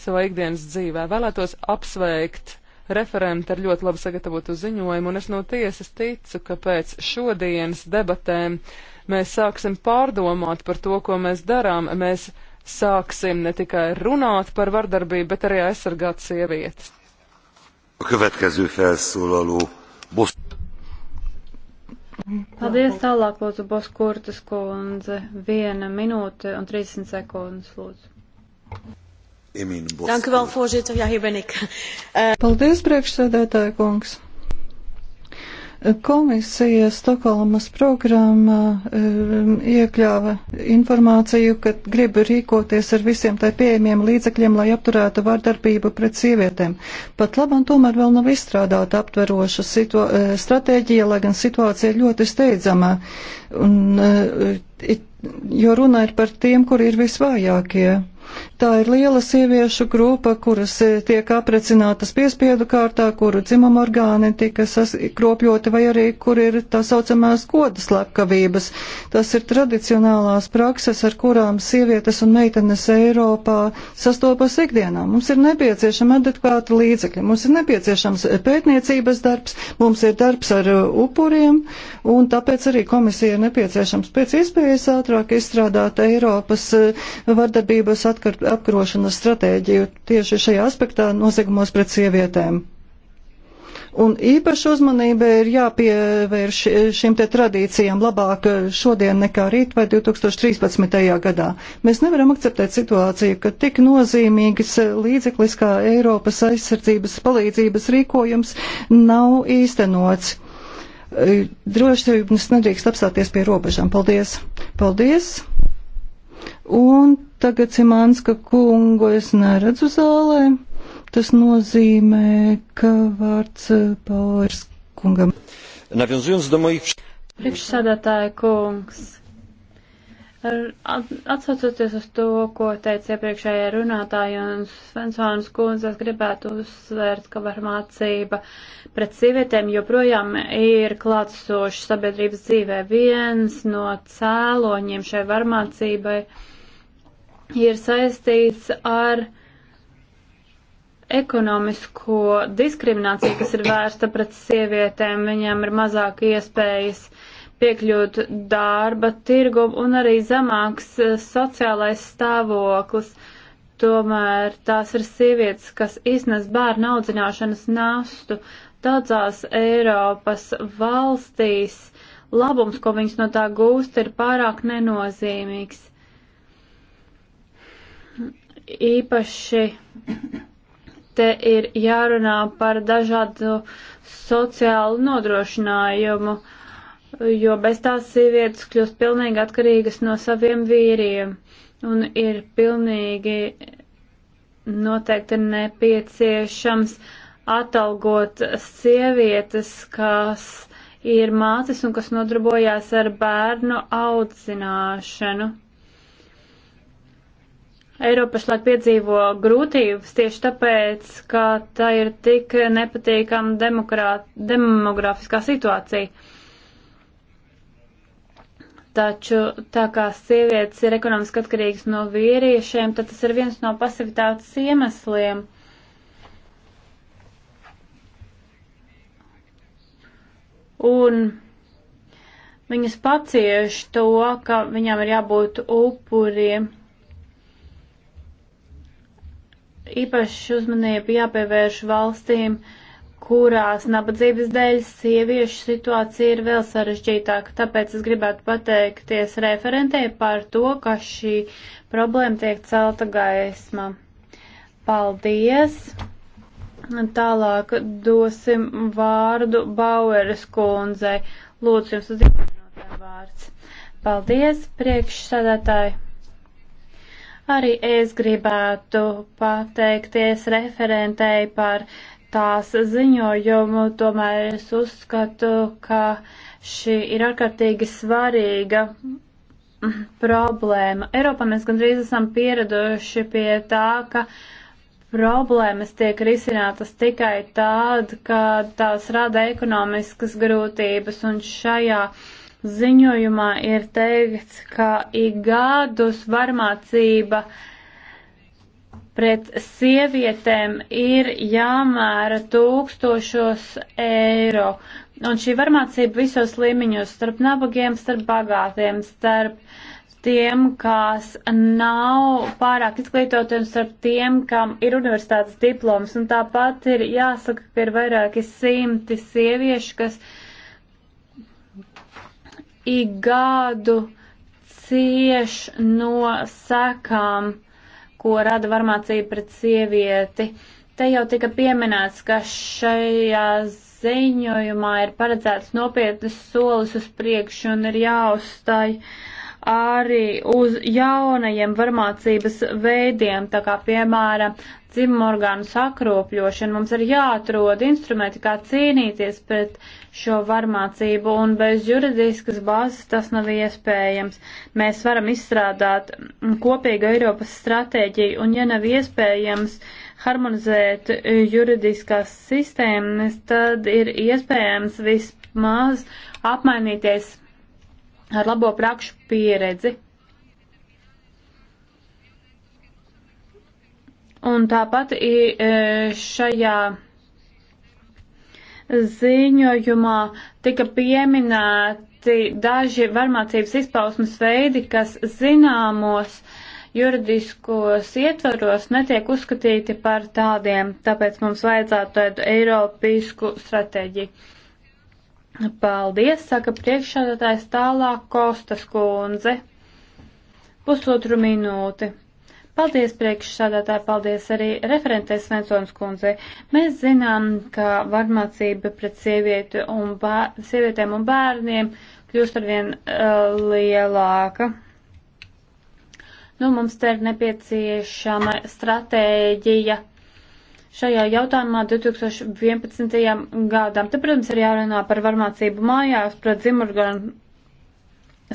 savā ikdienas dzīvē. Vēlētos apsveikt referenti ar ļoti labi sagatavotu ziņojumu, un es no tiesas ticu, ka pēc šodienas debatēm mēs sāksim pārdomāt par to, ko mēs darām. Mēs sāksim ne tikai runāt par vardarbību, bet arī aizsargāt sievietes. Következő felszólaló Bosz... Paldies tālāk, lūdzu, Boskurtas kundze. Viena minūte un 30 sekundes, lūdzu. Dank u wel, voorzitter. Ja, hier ben ik. Uh... Paldies, priekšsēdētāja kungs. Komisija Stokholmas programmā um, iekļāva informāciju, ka grib rīkoties ar visiem tai pieejamiem līdzekļiem, lai apturētu vardarbību pret sievietēm. Pat labam tomēr vēl nav izstrādāta aptveroša eh, stratēģija, lai gan situācija ir ļoti steidzama. Un, uh, it, jo runa ir par tiem, kuri ir visvājākie. Tā ir liela sieviešu grupa, kuras e, tiek aprecinātas piespiedu kārtā, kuru dzimuma orgāni tika kropļoti vai arī kur ir tā saucamās kodas lepkavības. Tas ir tradicionālās prakses, ar kurām sievietes un meitenes Eiropā sastopas ikdienā. Mums ir nepieciešama adekvāta līdzekļa, mums ir nepieciešams pētniecības darbs, mums ir darbs ar e, upuriem, un tāpēc arī komisija ir nepieciešams pēc iespējas ātrāk izstrādāt Eiropas e, vardarbības attīstību atkar, apkarošanas stratēģiju tieši šajā aspektā noziegumos pret sievietēm. Un īpaši uzmanība ir jāpievērš šīm te tradīcijām labāk šodien nekā rīt vai 2013. gadā. Mēs nevaram akceptēt situāciju, ka tik nozīmīgas līdzeklis kā Eiropas aizsardzības palīdzības rīkojums nav īstenots. Drošības nedrīkst apstāties pie robežām. Paldies! Paldies! Un Tagad Simanska kungu es neredzu zālē. Tas nozīmē, ka vārds eh, Pauers kungam. Nawiązując do moich... Priekšsēdētāja kungs. Atsaucoties uz to, ko teica iepriekšējā runātāja un Svensons kundze, es gribētu uzsvērt, ka varmācība pret sievietēm joprojām ir klātsoša sabiedrības dzīvē. Viens no cēloņiem šai varmācībai ir ir saistīts ar ekonomisko diskrimināciju, kas ir vērsta pret sievietēm. Viņām ir mazāk iespējas piekļūt darba tirgu un arī zemāks eh, sociālais stāvoklis. Tomēr tās ir sievietes, kas iznes bērnu audzināšanas nastu. Daudzās Eiropas valstīs labums, ko viņas no tā gūst, ir pārāk nenozīmīgs īpaši te ir jārunā par dažādu sociālu nodrošinājumu, jo bez tās sievietes kļūst pilnīgi atkarīgas no saviem vīriem un ir pilnīgi noteikti nepieciešams atalgot sievietes, kas ir mātes un kas nodarbojās ar bērnu audzināšanu. Eiropa šlaik piedzīvo grūtības tieši tāpēc, ka tā ir tik nepatīkama demografiskā situācija. Taču tā kā sievietes ir ekonomiski atkarīgas no vīriešiem, tad tas ir viens no pasivitātes iemesliem. Un viņas pacieš to, ka viņām ir jābūt upuriem. īpaši uzmanība jāpievērš valstīm, kurās nabadzības dēļ sieviešu situācija ir vēl sarežģītāka. Tāpēc es gribētu pateikties referentē par to, ka šī problēma tiek celta gaisma. Paldies! Tālāk dosim vārdu Baueres kundzei. Lūdzu, jums uz minūtēm vārds. Paldies, priekšsēdētāji! Arī es gribētu pateikties referentei par tās ziņojumu, tomēr es uzskatu, ka šī ir ārkārtīgi svarīga problēma. Eiropā mēs gandrīz esam pieraduši pie tā, ka problēmas tiek risinātas tikai tād, kad tās rada ekonomiskas grūtības, un šajā uh, Ziņojumā ir teikts, ka ik gadus varmācība pret sievietēm ir jāmēra tūkstošos eiro. Un šī varmācība visos līmeņos, starp nabagiem, starp bagātiem, starp tiem, kas nav pārāk izglītoti un starp tiem, kam ir universitātes diploms. Un tāpat ir jāsaka, ka ir vairāki simti sieviešu, kas ik gadu cieš no sekām, ko rada varmācība pret sievieti. Te jau tika pieminēts, ka šajā ziņojumā ir paredzēts nopietnas solis uz priekšu un ir jāuzstāj uh, arī uz jaunajiem varmācības veidiem, tā kā piemēram dzimorgānu sakropļošana. Mums ir jāatrod instrumenti, kā cīnīties pret šo varmācību, un bez juridiskas bāzes tas nav iespējams. Mēs varam izstrādāt kopīgu Eiropas stratēģiju, un ja nav iespējams harmonizēt juridiskās sistēmas, tad ir iespējams vismaz apmainīties ar labo prakšu pieredzi. Un tāpat e, šajā ziņojumā tika pieminēti daži varmācības izpausmes veidi, kas zināmos juridiskos ietvaros netiek uzskatīti par tādiem, tāpēc mums vajadzētu tādu eiropisku stratēģiju. Paldies, saka priekšsādātājs tālāk Kostas kundze. Pusotru minūti. Paldies priekšsādātāji, paldies arī referentē Svensons kundzei. Mēs zinām, ka varmācība pret sievieti un bār, sievietēm un bērniem kļūst arvien uh, lielāka. Nu, mums te ir nepieciešama stratēģija. Uh, šajā jautājumā 2011. gadam. Te, protams, ir jārunā par varmācību mājās, pret dzimurganu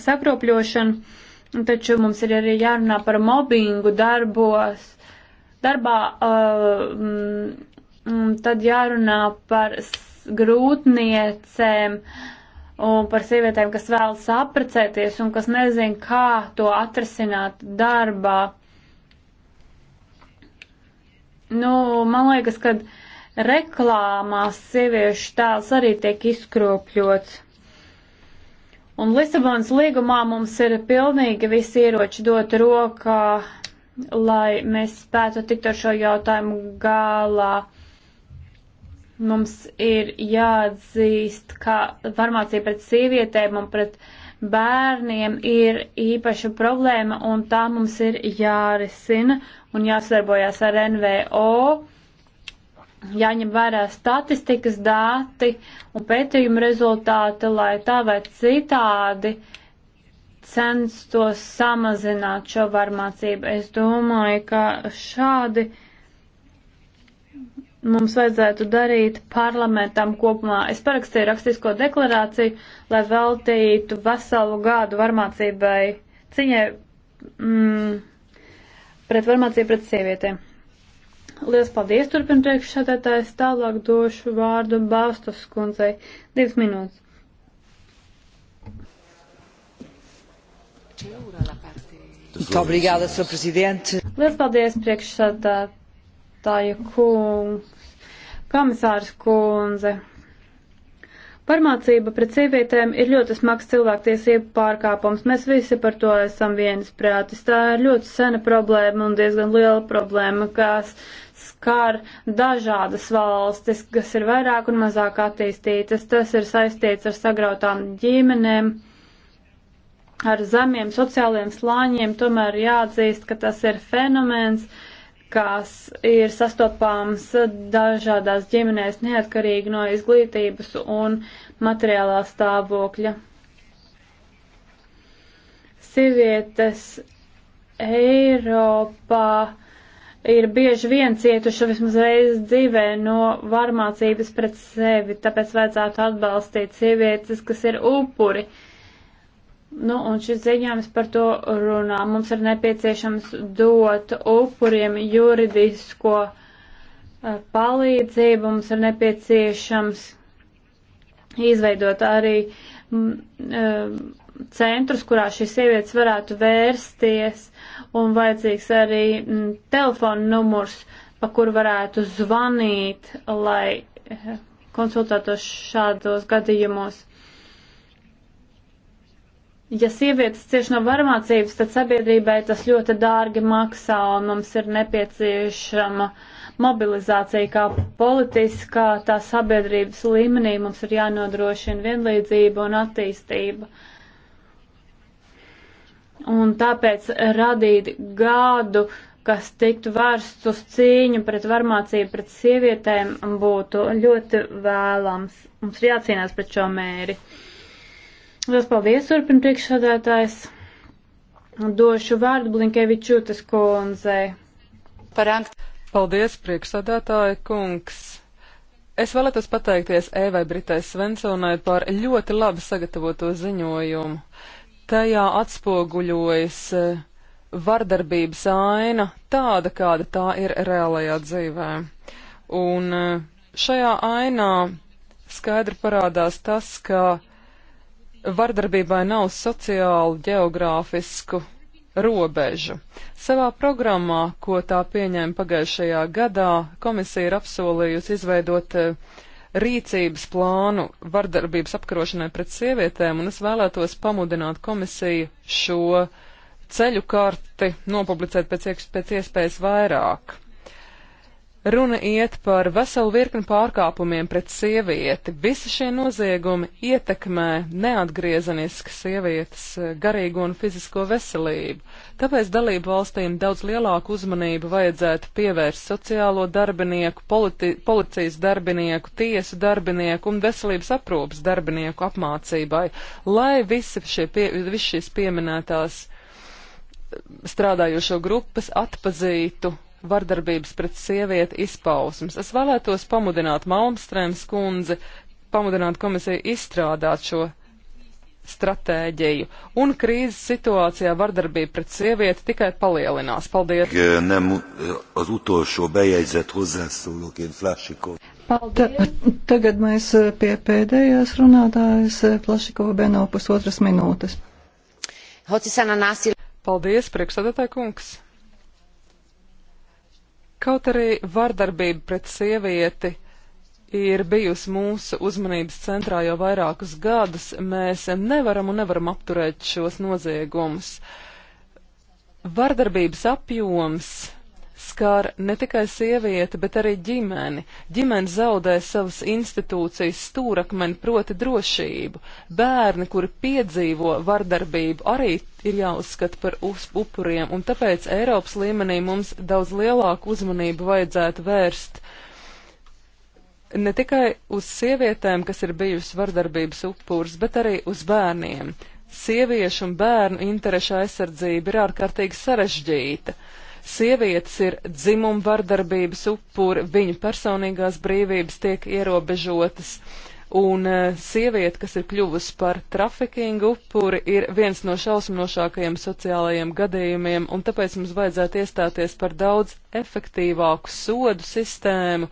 sakropļošanu, taču mums ir arī jārunā par mobbingu darbos, darbā, uh, mm, tad jārunā par grūtniecēm un par sievietēm, kas vēlas apprecēties un kas nezin, kā to atrasināt darbā. Nu, man liekas, ka reklāmās sieviešu tēls arī tiek izkropļots. Un Lisabonas līgumā mums ir pilnīgi visi ieroči dot rokā, lai mēs spētu tikt ar šo jautājumu galā. Mums ir jāatzīst, ka varmācība pret sievietēm un pret uh, bērniem ir īpaša problēma, un tā mums ir jārisina un jāsadarbojas ar NVO, jāņem vērā statistikas dati un pētījuma rezultāti, lai tā vai citādi censtos samazināt šo varmācību. Es domāju, ka šādi mums vajadzētu darīt parlamentam kopumā. Es parakstīju rakstisko deklarāciju, lai veltītu veselu gādu varmācībai ciņai mm, pret varmācību pret sievietēm. Lielas paldies turpin priekšsādātājs, tālāk došu vārdu Bāstas kundzei. Divas minūtes. Obrigada, Sr. Presidente. Lielas paldies priekšsādātāju kungu Komisārs kundze. Parmācība pret sievietēm ir ļoti smags cilvēktiesību pārkāpums. Mēs visi par to esam viensprātis. Tā ir ļoti sena problēma un diezgan liela problēma, kas skar dažādas valstis, kas ir vairāk un mazāk attīstītas. Tas ir saistīts ar sagrautām ģimenēm, ar zemiem sociāliem slāņiem. Tomēr jāatzīst, ka tas ir fenomens, uh, kas ir sastopams dažādās ģimenēs neatkarīgi no izglītības un materiālā stāvokļa. Sievietes Eiropā ir bieži vien cietuši vismaz reizi dzīvē no varmācības pret sevi, tāpēc vajadzētu atbalstīt sievietes, kas ir upuri. Uh, Nu, un šis ziņojums par to runā. Mums ir nepieciešams dot upuriem juridisko uh, palīdzību, mums ir nepieciešams izveidot arī m, mm, m, eh, centrus, kurā šīs sievietes varētu vērsties, un vajadzīgs arī m, mm, telefona numurs, pa kuru varētu zvanīt, lai eh, konsultētos šādos gadījumos ja sievietes cieši no varmācības, tad sabiedrībai tas ļoti dārgi maksā un mums ir nepieciešama mobilizācija kā politiskā, tā sabiedrības līmenī mums ir jānodrošina vienlīdzība un attīstība. Un tāpēc radīt gādu, kas tiktu vērsts uz cīņu pret varmācību pret sievietēm, būtu ļoti vēlams. Mums ir jācīnās pret šo mēri. Uh, Lielas paldies, turpina priekšsādātājs. Došu vārdu Blinkevičūtas kundzei. Parant. Paldies, priekšsādātāja kungs. Es vēlētos pateikties Ēvai Britai Svensonai par ļoti labi sagatavoto ziņojumu. Tajā atspoguļojas eh, vardarbības aina tāda, kāda tā ir reālajā dzīvē. Un eh, šajā ainā skaidri parādās tas, ka vardarbībai nav sociālu, geogrāfisku robežu. Savā programmā, ko tā pieņēma pagājušajā gadā, komisija ir apsolījusi izveidot eh, rīcības plānu vardarbības apkarošanai pret sievietēm, un es vēlētos pamudināt komisiju šo ceļu karti nopublicēt pēc, pēc iespējas vairāk. Runa iet par veselu virkni pārkāpumiem pret sievieti. Visi šie noziegumi ietekmē neatgriezeniski sievietes eh, garīgo un fizisko veselību. Tāpēc dalību valstīm daudz lielāku uzmanību vajadzētu pievērst sociālo darbinieku, politi policijas darbinieku, tiesu darbinieku un veselības aprūpas darbinieku apmācībai, lai visi šie pie, visi šīs pieminētās eh, strādājošo grupas atpazītu vardarbības pret sievieti izpausmes. Es vēlētos pamudināt Malmstrēms kundzi, pamudināt komisiju izstrādāt šo stratēģiju, un krīzes situācijā vardarbība pret sievieti tikai palielinās. Paldies! Eh, nem eh, az utolsó bejegyzett hozzászólóként Flasikov. Paldies! Tagad mēs eh, pie pēdējās runātājas Flasikova Beno pusotras minūtes. Paldies, priekšsēdētāj kungs! Kaut arī vardarbība pret sievieti ir bijusi mūsu uzmanības centrā jau vairākus gadus, mēs nevaram un nevaram apturēt šos noziegumus. Vardarbības apjoms skar ne tikai sievieti, bet arī ģimeni. Ģimene zaudē savas institūcijas stūrakmeni, proti drošību. Bērni, kuri piedzīvo vardarbību, arī ir jāuzskata par upuriem, un tāpēc Eiropas līmenī mums daudz lielāku uzmanību vajadzētu vērst ne tikai uz sievietēm, kas ir bijusi vardarbības upurs, bet arī uz bērniem. Sieviešu un bērnu interešu aizsardzība ir ārkārtīgi sarežģīta. Uh, Sievietes ir dzimuma vardarbības upuri, viņu personīgās brīvības tiek ierobežotas. Un eh, sieviete, kas ir kļuvusi par trafikingu upuri, ir viens no šausminošākajiem sociālajiem gadījumiem, un tāpēc mums vajadzētu iestāties par daudz efektīvāku sodu sistēmu,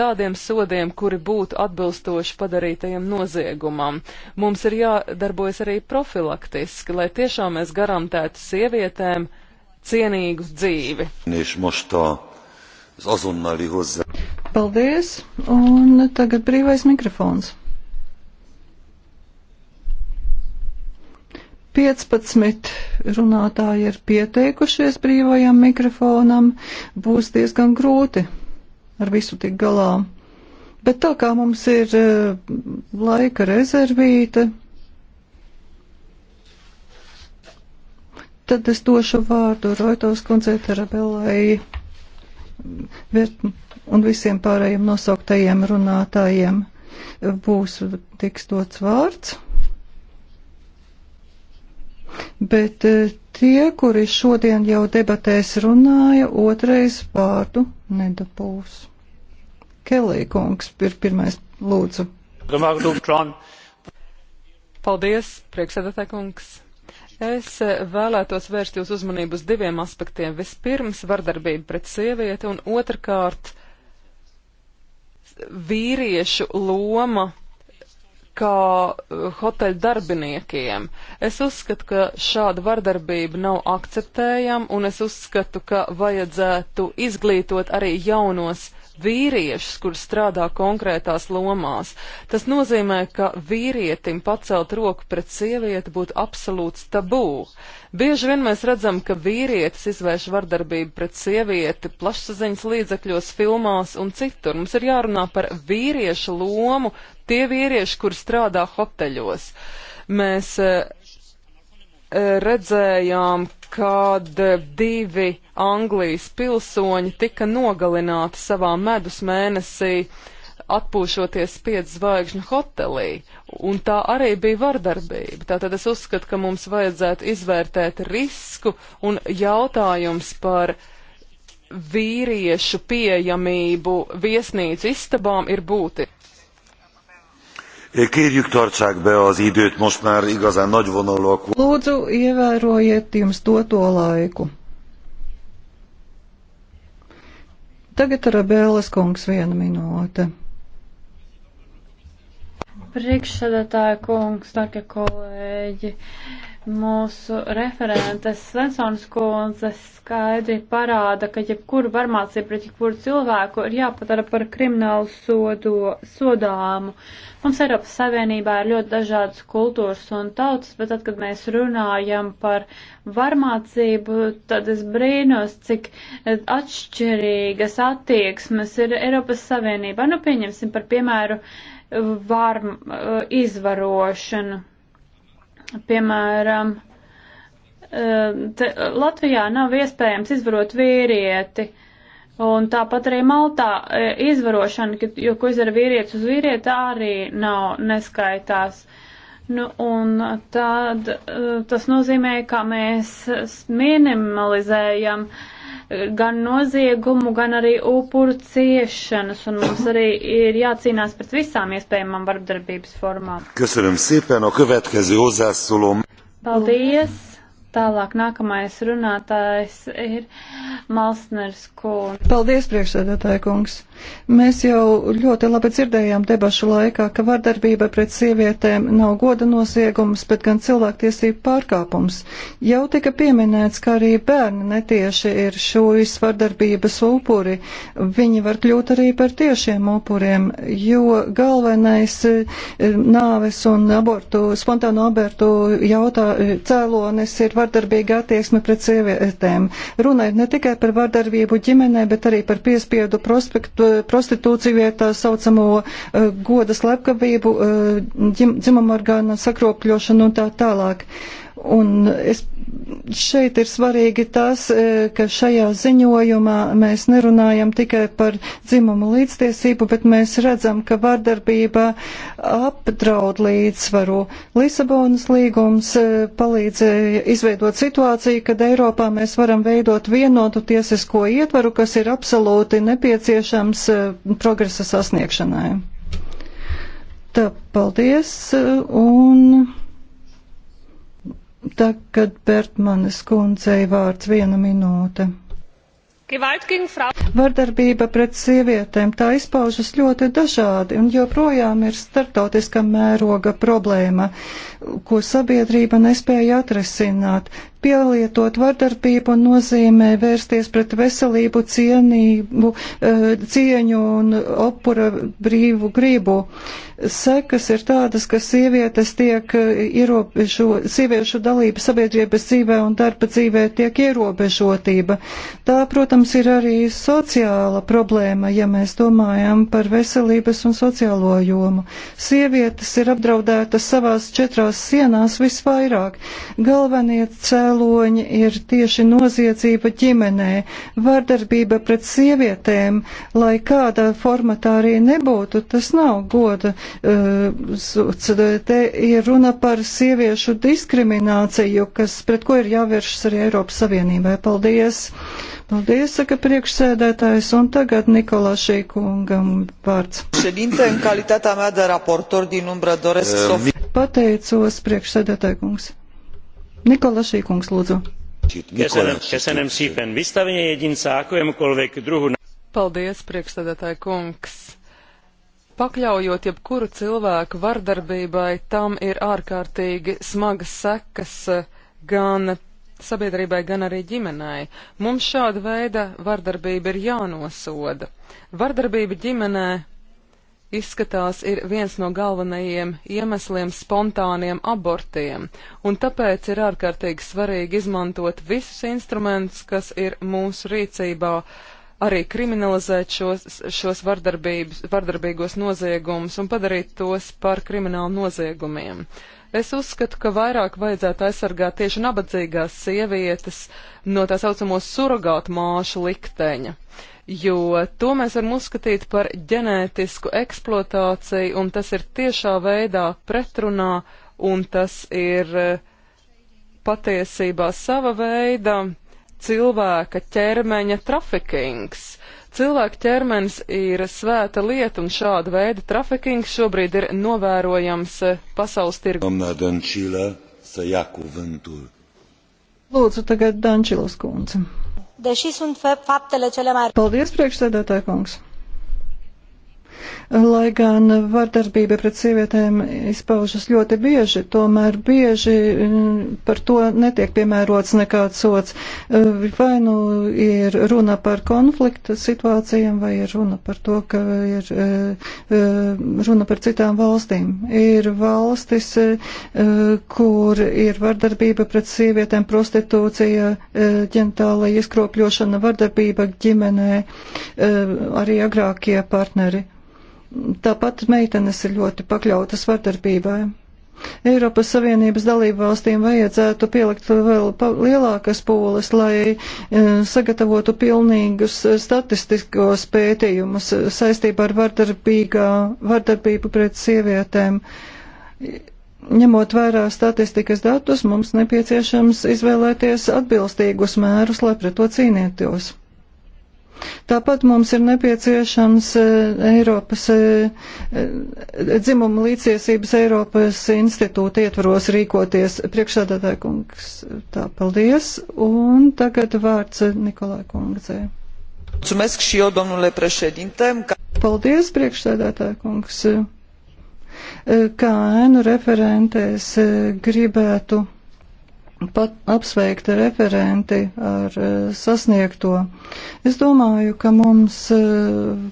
tādiem sodiem, kuri būtu atbilstoši padarītajam noziegumam. Mums ir jādarbojas arī profilaktiski, lai tiešām mēs garantētu sievietēm cienīgus dzīvi. Paldies, un tagad brīvais mikrofons. 15 runātāji ir pieteikušies brīvajam mikrofonam, būs diezgan grūti ar visu tik galā. Bet tā kā mums ir eh, laika rezervīta, Tad es došu vārdu Roitovs kundzei Terabelai un visiem pārējiem nosauktajiem runātājiem. Būs tiks dots vārds. Bet eh, tie, kuri šodien jau debatēs runāja, otrais vārdu nedabūs. Kelī kungs ir pirmais lūdzu. Paldies, priekšsēdētāj kungs. Es eh, vēlētos vērst jūs uzmanību uz diviem aspektiem. Vispirms vardarbība pret sievieti un otrkārt vīriešu loma kā eh, hoteļu darbiniekiem. Es uzskatu, ka šāda vardarbība nav akceptējama, un es uzskatu, ka vajadzētu izglītot arī jaunos vīriešus, kur strādā konkrētās lomās. Tas nozīmē, ka vīrietim pacelt roku pret sievieti būtu absolūts tabū. Bieži vien mēs redzam, ka vīrietis izvērš vardarbību pret sievieti plašsaziņas līdzekļos, filmās un citur. Mums ir jārunā par vīriešu lomu, tie vīrieši, kur strādā hoteļos. Mēs eh, redzējām, kad divi Anglijas pilsoņi tika nogalināti savā medus mēnesī, atpūšoties piec zvaigžņu hotelī, un tā arī bija vardarbība. Tātad es uzskatu, ka mums vajadzētu izvērtēt risku un jautājums par vīriešu pieejamību viesnīcu istabām ir būti. Kérjük, tartsák be az időt, most már igazán nagyvonalak. Lūdzu, ievērojiet jums doto laiku. Tagad ar Bēles kungs viena minūte. Priekšsēdētāja kungs, darbie kolēģi. Uh, Mūsu referentes Svensonas kundze skaidri parāda, ka jebkuru varmācību pret jebkuru cilvēku ir jāpadara par kriminālu sodo, sodāmu. Mums Eiropas Savienībā ir ļoti dažādas kultūras un tautas, bet tad, kad mēs runājam par varmācību, tad es brīnos, cik atšķirīgas attieksmes ir Eiropas Savienībā. Nu, pieņemsim par piemēru varm, eh, izvarošanu Piemēram, eh, te, Latvijā nav iespējams izvarot vīrieti. Un tāpat arī Maltā eh, izvarošana, kad, jo, ko izdara vīrietis uz vīrieti, arī nav neskaitās. Nu, un tad eh, tas nozīmē, ka mēs minimalizējam uh, gan noziegumu, gan arī upuru ciešanas, un mums arī ir jācīnās pret visām iespējamām vardarbības formām. Köszönöm szépen, a következő hozzászólom. Paldies! Tālāk nākamais runātājs ir Malsners Kūns. Paldies, priekšsēdētāja kungs. Mēs jau ļoti labi dzirdējām debašu laikā, ka vardarbība pret sievietēm nav goda noziegums, bet gan cilvēktiesību pārkāpums. Jau tika pieminēts, ka arī bērni netieši ir šūjas vardarbības upuri. Viņi var kļūt arī par tiešiem upuriem, jo galvenais eh, nāves un abortu, spontānu abortu jautā, cēlonis ir vardarbība vārdarbīga attieksme pret sievietēm. Runa ir ne tikai par vārdarbību ģimenē, bet arī par piespiedu prostitūciju, ja tā saucamo uh, goda slepkavību, uh, eh, dzimumorgānu sakropļošanu un tā tālāk. Uh, Un es, šeit ir svarīgi tas, e, ka šajā ziņojumā mēs nerunājam tikai par dzimumu līdztiesību, bet mēs redzam, ka vardarbība apdraud līdzsvaru. Lisabonas līgums e, palīdzēja izveidot situāciju, kad Eiropā mēs varam veidot vienotu tiesisko ietvaru, kas ir absolūti nepieciešams e, progresa sasniegšanai. Tā, paldies! Un... Tagad Bertmanes kundzei vārds viena minūte. Vardarbība pret sievietēm tā izpaužas ļoti dažādi un joprojām ir starptautiska mēroga problēma, ko sabiedrība nespēja atrisināt. Pielietot vardarbību nozīmē vērsties pret veselību, cienību, eh, cieņu un opura brīvu gribu. Sekas ir tādas, ka sievietes tiek eh, ierobežo, sieviešu dalība sabiedrības dzīvē un darba dzīvē tiek ierobežotība. Tā, protams, ir arī sociāla problēma, ja mēs domājam par veselības un sociālo jomu. Sievietes ir apdraudētas savās četrās sienās visvairāk. Galvenie cēlā cēloņi ir tieši noziedzība ģimenē, vardarbība pret sievietēm, lai kādā formatā arī nebūtu, tas nav goda. Uh, te ir runa par sieviešu diskrimināciju, kas pret ko ir jāvēršas arī Eiropas Savienībai. Paldies! Paldies, saka priekšsēdētājs, un tagad Nikolašī kungam vārds. Ehm, Pateicos priekšsēdētāju kungs. Nikola Šīkungs, lūdzu. Vystavenie jedinca akémukoľvek druhu. Paldies, priekšstādātāja kungs. Pakļaujot jebkuru cilvēku vardarbībai, tam ir ārkārtīgi smagas sekas eh, gan sabiedrībai, gan arī ģimenei. Mums šāda veida vardarbība ir jānosoda. Vardarbība ģimenē izskatās ir viens no galvenajiem iemesliem spontāniem abortiem, un tāpēc ir ārkārtīgi svarīgi izmantot visus instrumentus, kas ir mūsu rīcībā, uh, arī kriminalizēt šos, šos vardarbīgos noziegumus un padarīt tos par kriminālu noziegumiem. Es uzskatu, ka vairāk vajadzētu aizsargāt tieši nabadzīgās sievietes no tā saucamo surrogātu māšu likteņa, jo to mēs varam uzskatīt par ģenētisku eksploatāciju, un tas ir tiešā veidā pretrunā, un tas ir patiesībā sava veida cilvēka ķermeņa trafikings. Cilvēka ķermenis ir svēta lieta, un šāda veida trafikings šobrīd ir novērojams eh, pasaules tirgu. Lūdzu, tagad Dančilas kundze. Deși sunt faptele cele mai... Paldies, priekšsēdētāja kungs. Lai gan vardarbība pret sievietēm izpaužas ļoti bieži, tomēr bieži mm, par to netiek piemērots nekāds sots. Mm, vai nu ir runa par konflikta situācijām, vai ir runa par to, ka ir mm, runa par citām valstīm. Ir valstis, kur ir vardarbība pret sievietēm, prostitūcija, ģentāla ieskropļošana, vardarbība ģimenē, arī agrākie partneri. Tāpat meitenes ir ļoti pakļautas vardarbībai. Eiropas Savienības dalību valstīm vajadzētu pielikt vēl lielākas pūles, lai e, sagatavotu pilnīgus statistiskos pētījumus saistībā ar vardarbību pret sievietēm. Ņemot vērā statistikas datus, mums nepieciešams izvēlēties atbilstīgus mērus, lai pret to cīnītos. Tāpat mums ir nepieciešams e, Eiropas e, e, dzimuma līdziesības Eiropas institūta ietvaros rīkoties priekšsēdētāja kungs. Tā, paldies. Un tagad vārds Nikolai kungzē. Mulțumesc și eu, domnule președinte. Paldies, priekšsēdētāja kungs. Kā ēnu referentēs gribētu pat apsveikt referenti ar eh, sasniegto. Es domāju, ka mums eh,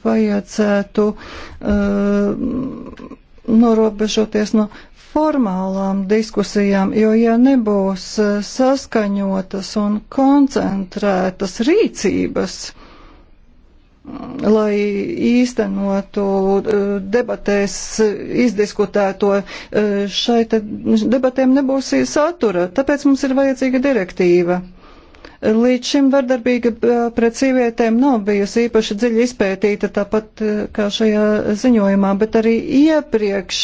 vajadzētu eh, norobežoties no formālām diskusijām, jo ja nebūs saskaņotas un koncentrētas rīcības, lai īstenotu e, debatēs izdiskutēto, e, šai debatēm nebūs satura, tāpēc mums ir vajadzīga direktīva. Līdz šim vardarbīga pret sievietēm nav bijusi īpaši dziļi izpētīta, tāpat kā šajā ziņojumā, bet arī iepriekš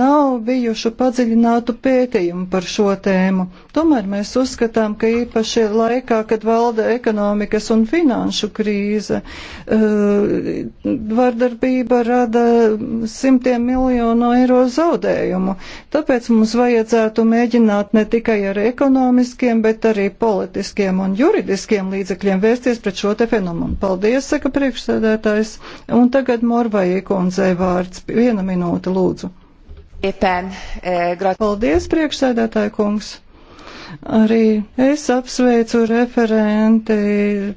nav bijušu padziļinātu pētījumu par šo tēmu. Tomēr mēs uzskatām, ka īpaši laikā, kad valda ekonomikas un finanšu krīze, vardarbība rada simtiem miljonu eiro zaudējumu. Tāpēc mums vajadzētu mēģināt ne tikai ar ekonomiskiem, bet arī politiskajiem politiskiem un juridiskiem līdzekļiem vērsties pret šo te fenomenu. Paldies, saka priekšsēdētājs. Un tagad Morvai kundzei vārds. Viena minūte, lūdzu. Iepēn, e, Paldies, priekšsēdētāja kungs. Arī es apsveicu referenti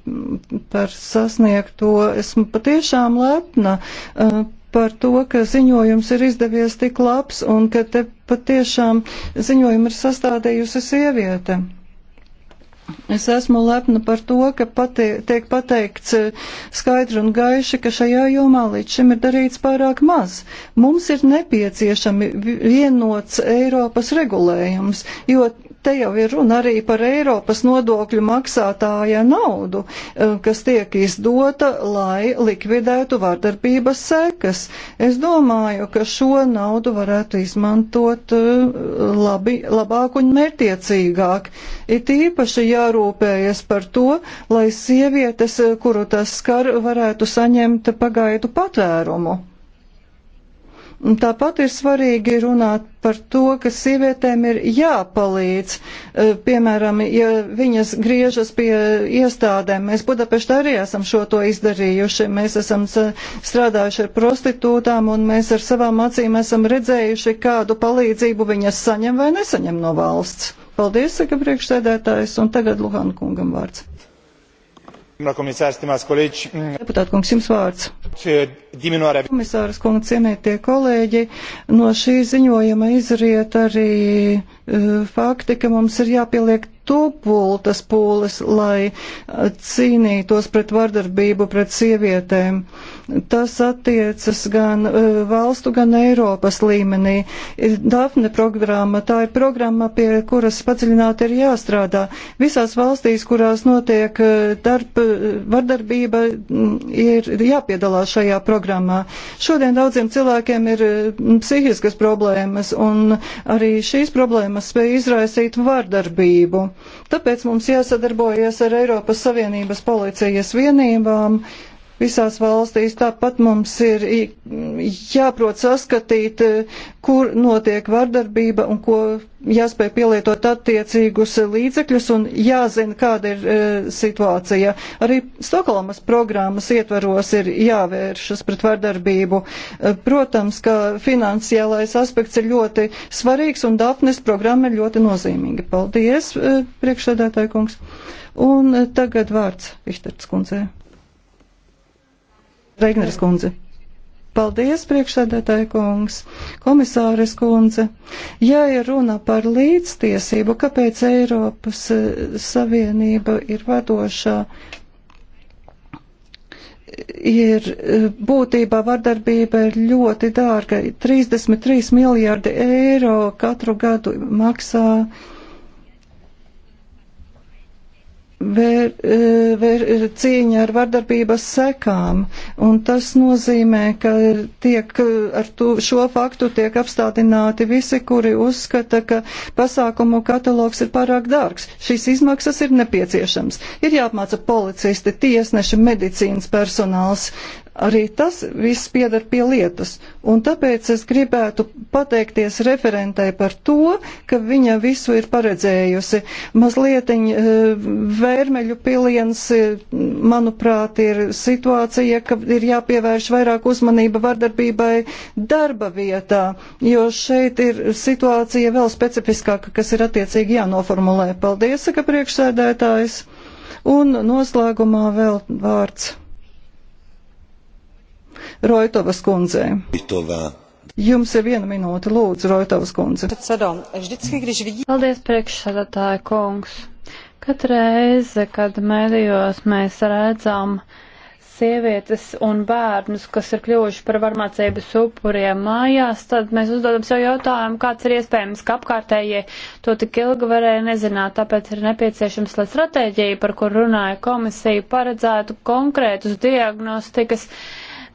par sasniegto. Esmu patiešām lepna e, par to, ka ziņojums ir izdevies tik labs un ka te patiešām ziņojumu ir sastādījusi sieviete. Es esmu lepna par to, ka patie, tiek pateikts eh, skaidri un gaiši, ka šajā jomā līdz šim ir darīts pārāk maz. Mums ir nepieciešami vienots Eiropas regulējums, jo Te jau ir runa arī par Eiropas nodokļu maksātāja naudu, eh, kas tiek izdota, lai likvidētu vardarbības sekas. Es domāju, ka šo naudu varētu izmantot eh, labi, labāk un mērtiecīgāk. It īpaši jārūpējas par to, lai sievietes, eh, kuru tas skar, varētu saņemt pagaidu patvērumu. Tāpat ir svarīgi runāt par to, ka sievietēm ir jāpalīdz. E, piemēram, ja viņas griežas pie iestādēm, mēs Budapeštā arī esam šo to izdarījuši. Mēs esam strādājuši ar prostitūtām un mēs ar savām acīm esam redzējuši, kādu palīdzību viņas saņem vai nesaņem no valsts. Paldies, saka priekšsēdētājs, un tagad Luhan kungam vārds. Mm, Deputāta kungs, jums vārds. E, Komisāras kungs, cienītie kolēģi, no šī ziņojuma izriet arī uh, fakti, ka mums ir jāpieliek tupultas pūles, lai eh, cīnītos pret vardarbību pret sievietēm. Tas attiecas gan eh, valstu, gan Eiropas līmenī. Eh, Dafne programma, tā ir programma, pie kuras padziļināti ir jāstrādā. Visās valstīs, kurās notiek darb, vardarbība, mm, ir jāpiedalās šajā programmā. Šodien daudziem cilvēkiem ir psihiskas problēmas, un arī šīs problēmas spēj izraisīt vardarbību. Tāpēc mums jāsadarbojas ar Eiropas Savienības policijas vienībām, uh, visās valstīs. Tāpat mums ir jāprot saskatīt, e, kur notiek vardarbība un ko jāspēj pielietot attiecīgus līdzekļus un jāzina, kāda ir e, situācija. Arī Stokholmas programmas ietvaros ir jāvēršas pret vardarbību. E, protams, ka finansiālais aspekts ir ļoti svarīgs un Dafnes programma ir ļoti nozīmīga. Paldies, e, priekšsēdētāji kungs. Un e, tagad vārds Višterts kundzei. Reigneres kundze. Paldies, priekšsēdētāja kungs, komisāres kundze. Ja ir runa par līdztiesību, kāpēc Eiropas e, Savienība ir vadošā ir e, būtībā vardarbība ir ļoti dārga. 33 miljārdi eiro katru gadu maksā uh, vēr, e, vēr, e, cīņa ar vardarbības sekām, un tas nozīmē, ka tiek ar tu, šo faktu tiek apstādināti visi, kuri uzskata, ka pasākumu katalogs ir pārāk dārgs. Šīs izmaksas ir nepieciešams. Ir jāapmāca policisti, tiesneši, medicīnas personāls, Arī tas viss piedar pie lietas, un tāpēc es gribētu pateikties referentē par to, ka viņa visu ir paredzējusi. Mazlietiņ eh, vērmeļu piliens, eh, manuprāt, ir situācija, ka ir jāpievērš vairāk uzmanība vardarbībai darba vietā, jo šeit ir situācija vēl specifiskāka, kas ir attiecīgi jānoformulē. Paldies, saka priekšsēdētājs. Un noslēgumā vēl vārds. Rojtovas kundzei. Jums ir viena minūte, lūdzu, Rojtovas kundze. Paldies, priekšsēdētāja kungs. Katru reizi, kad medijos mēs redzam sievietes un bērnus, kas ir kļuvuši par varmācības upuriem mājās, tad mēs uzdodam sev jautājumu, kāds ir iespējams, ka apkārtējie to tik ilgi varēja nezināt, tāpēc ir nepieciešams, lai stratēģija, par kur runāja komisija, paredzētu konkrētus diagnostikas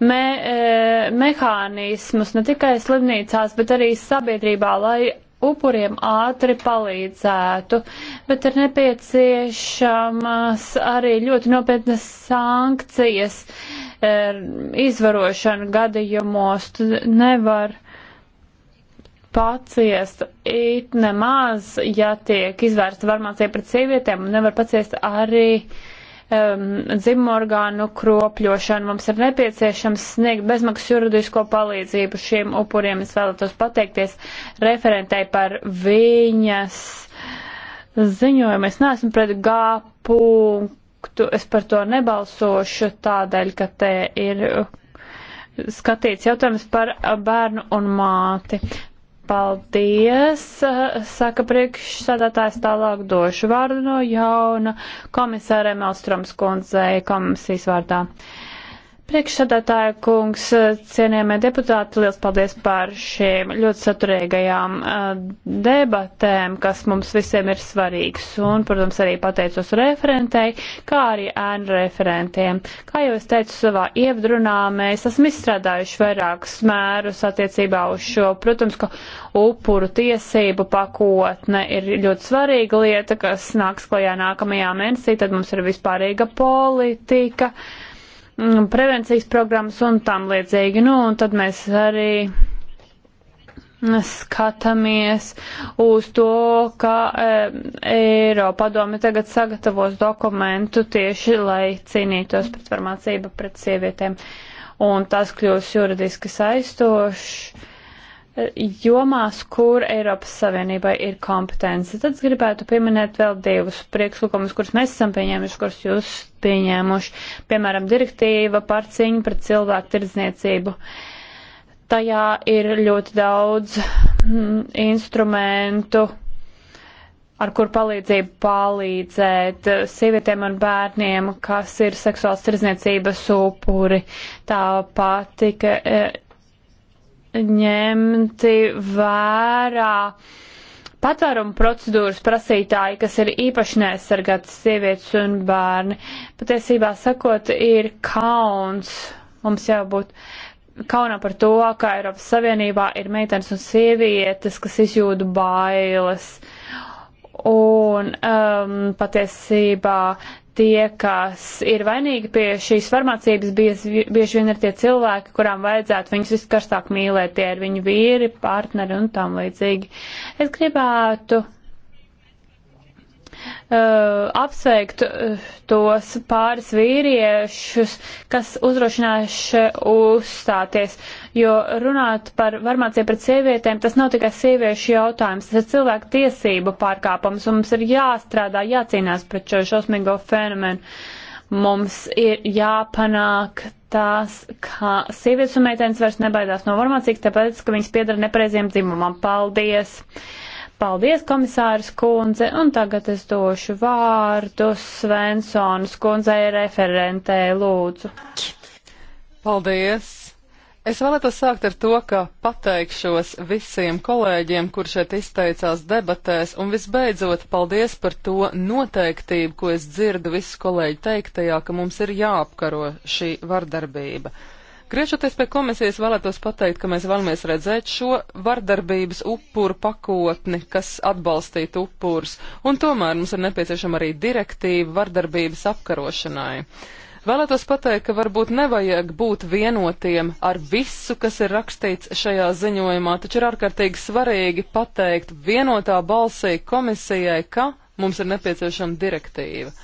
me, e, mehānismus ne tikai slimnīcās, bet arī sabiedrībā, lai upuriem ātri palīdzētu, bet ir nepieciešamas arī ļoti nopietnas sankcijas e, izvarošana gadījumos. Tu nevar paciest it nemaz, ja tiek izvērsta varmācija pret sievietēm, un nevar paciest arī uh, um, dzimorgānu kropļošanu. Mums ir nepieciešams sniegt bezmaksas juridisko palīdzību šiem upuriem. Es vēlētos pateikties referentei par viņas ziņojumu. Es neesmu pret G punktu, es par to nebalsošu tādēļ, ka te ir skatīts jautājums par bērnu un māti. Paldies, eh, saka priekšsādātājs tālāk došu vārdu no jauna komisārē Melstroms kundzei komisijas vārdā. Uh, Priekšsādātāja kungs, cienījamie deputāti, liels paldies par šīm ļoti saturīgajām debatēm, kas mums visiem ir svarīgs. Un, protams, arī pateicos referentei, kā arī ēnu referentiem. Kā jau es teicu savā ievadrunā, mēs esam izstrādājuši vairākus mērus attiecībā uz šo. Protams, ka upuru tiesību pakotne ir ļoti svarīga lieta, kas nāks klajā nākamajā mēnesī. Tad mums ir vispārīga politika. Uh, Mm, prevencijas programmas un tam līdzīgi. Nu, un tad mēs arī skatāmies uz to, ka e, eh, Eiropadome tagad sagatavos dokumentu tieši, lai cīnītos pret varmācību pret sievietēm. Un tas kļūs juridiski saistošs jomās, kur Eiropas Savienībai ir kompetence. Tad es gribētu pieminēt vēl divus priekšlikumus, kurus mēs esam pieņēmuši, kurus jūs pieņēmuši. Piemēram, direktīva par cīņu pret cilvēku tirdzniecību. Tajā ir ļoti daudz mm, instrumentu, ar kur palīdzību palīdzēt eh, sievietēm un bērniem, kas ir seksuāls tirdzniecības upuri. Tāpat tika. E, ņemti vērā patvērumu procedūras prasītāji, kas ir īpaši neaizsargātas sievietes un bērni. Patiesībā sakot, ir kauns. Mums jābūt kaunā par to, ka Eiropas Savienībā ir meitenes un sievietes, kas izjūda bailes. Un um, patiesībā tie, kas ir vainīgi pie šīs farmācības, bieži, bieži vien ir tie cilvēki, kurām vajadzētu viņus viskarstāk mīlēt, tie ir viņu vīri, partneri un tam līdzīgi. Es gribētu Uh, apsveikt uh, tos pāris vīriešus, kas uzrošinājuši uzstāties, jo runāt par varmācību pret sievietēm, tas nav tikai sieviešu jautājums, tas ir cilvēku tiesību pārkāpums, un mums ir jāstrādā, jācīnās pret šo šausmīgo fenomenu. Mums ir jāpanāk tās, ka sievietes un meitenes vairs nebaidās no varmācības, tāpēc, ka viņas piedara nepareiziem dzimumam. Paldies! Paldies, komisārs kundze, un tagad es došu vārdu Svensonas kundzei referentē, lūdzu. Paldies! Es vēlētos sākt ar to, ka pateikšos visiem kolēģiem, kur šeit izteicās debatēs, un visbeidzot paldies par to noteiktību, ko es dzirdu visu kolēģu teiktajā, ka mums ir jāapkaro šī vardarbība. Griežoties pie komisijas, vēlētos pateikt, ka mēs vēlamies redzēt šo vardarbības upuru pakotni, kas atbalstītu upurus, un tomēr mums ir nepieciešama arī direktīva vardarbības apkarošanai. Vēlētos pateikt, ka varbūt nevajag būt vienotiem ar visu, kas ir rakstīts šajā ziņojumā, taču ir ārkārtīgi svarīgi pateikt vienotā balsī komisijai, ka mums ir nepieciešama direktīva.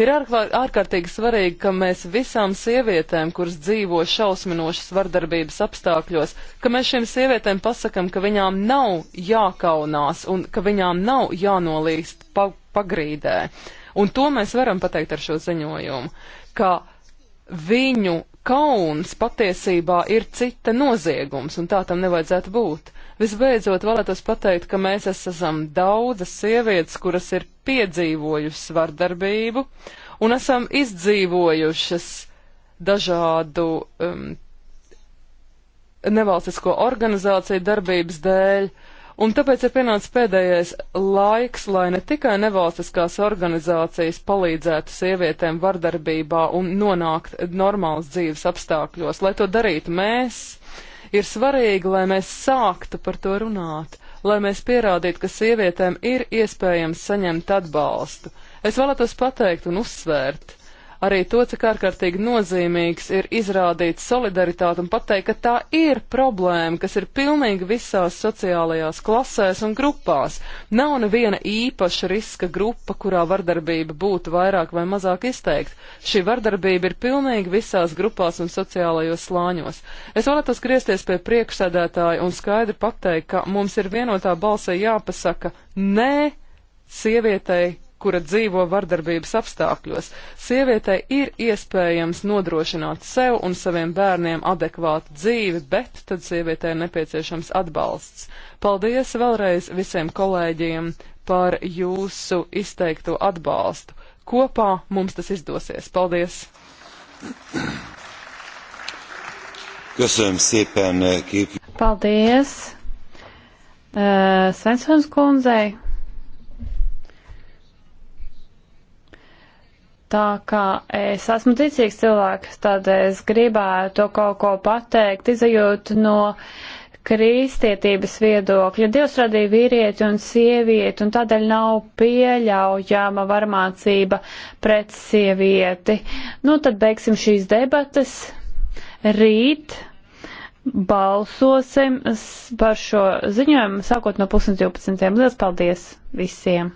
Ir ārkārtīgi svarīgi, ka mēs visām sievietēm, kuras dzīvo šausminošas vardarbības apstākļos, ka mēs šīm sievietēm pasakam, ka viņām nav jākaunās un ka viņām nav jānolīst pa pagrīdē. Un to mēs varam pateikt ar šo ziņojumu, ka viņu kauns patiesībā ir cita noziegums, un tā tam nevajadzētu būt. Visbeidzot, vēlētos pateikt, ka mēs esam daudzas sievietes, kuras ir piedzīvojušas vardarbību un esam izdzīvojušas dažādu um, nevalstisko organizāciju darbības dēļ. Un tāpēc ir pienācis pēdējais laiks, lai ne tikai nevalstiskās organizācijas palīdzētu sievietēm vardarbībā un nonākt normālas dzīves apstākļos, lai to darītu mēs, uh, Ir svarīgi, lai mēs sāktu par to runāt, lai mēs pierādītu, ka sievietēm ir iespējams saņemt atbalstu. Es vēlētos pateikt un uzsvērt, arī to, cik ārkārtīgi nozīmīgs ir izrādīt solidaritāti un pateikt, ka tā ir problēma, kas ir pilnīgi visās sociālajās klasēs un grupās. Nav neviena īpaša riska grupa, kurā vardarbība būtu vairāk vai mazāk izteikta. Šī vardarbība ir pilnīgi visās grupās un sociālajos slāņos. Es vēlētos griezties pie priekšsēdētāja un skaidri pateikt, ka mums ir vienotā balsē jāpasaka nē sievietei kura dzīvo vardarbības apstākļos. Sievietei ir iespējams nodrošināt sev un saviem bērniem adekvātu dzīvi, bet tad sievietei ir nepieciešams atbalsts. Paldies vēlreiz visiem kolēģiem par jūsu izteikto atbalstu. Kopā mums tas izdosies. Paldies! Köszönöm szépen, kép... Paldies! Uh, Svensons kundzei! Tā kā es esmu ticīgs cilvēks, tad es gribētu kaut ko pateikt, izjūt no kristietības viedokļa. Dievs radīja vīrieti un sievieti, un tādēļ nav pieļaujama varmācība pret sievieti. Nu, tad beigsim šīs debatas. Rīt balsosim par šo ziņojumu sākot no 2012. Lielas paldies visiem!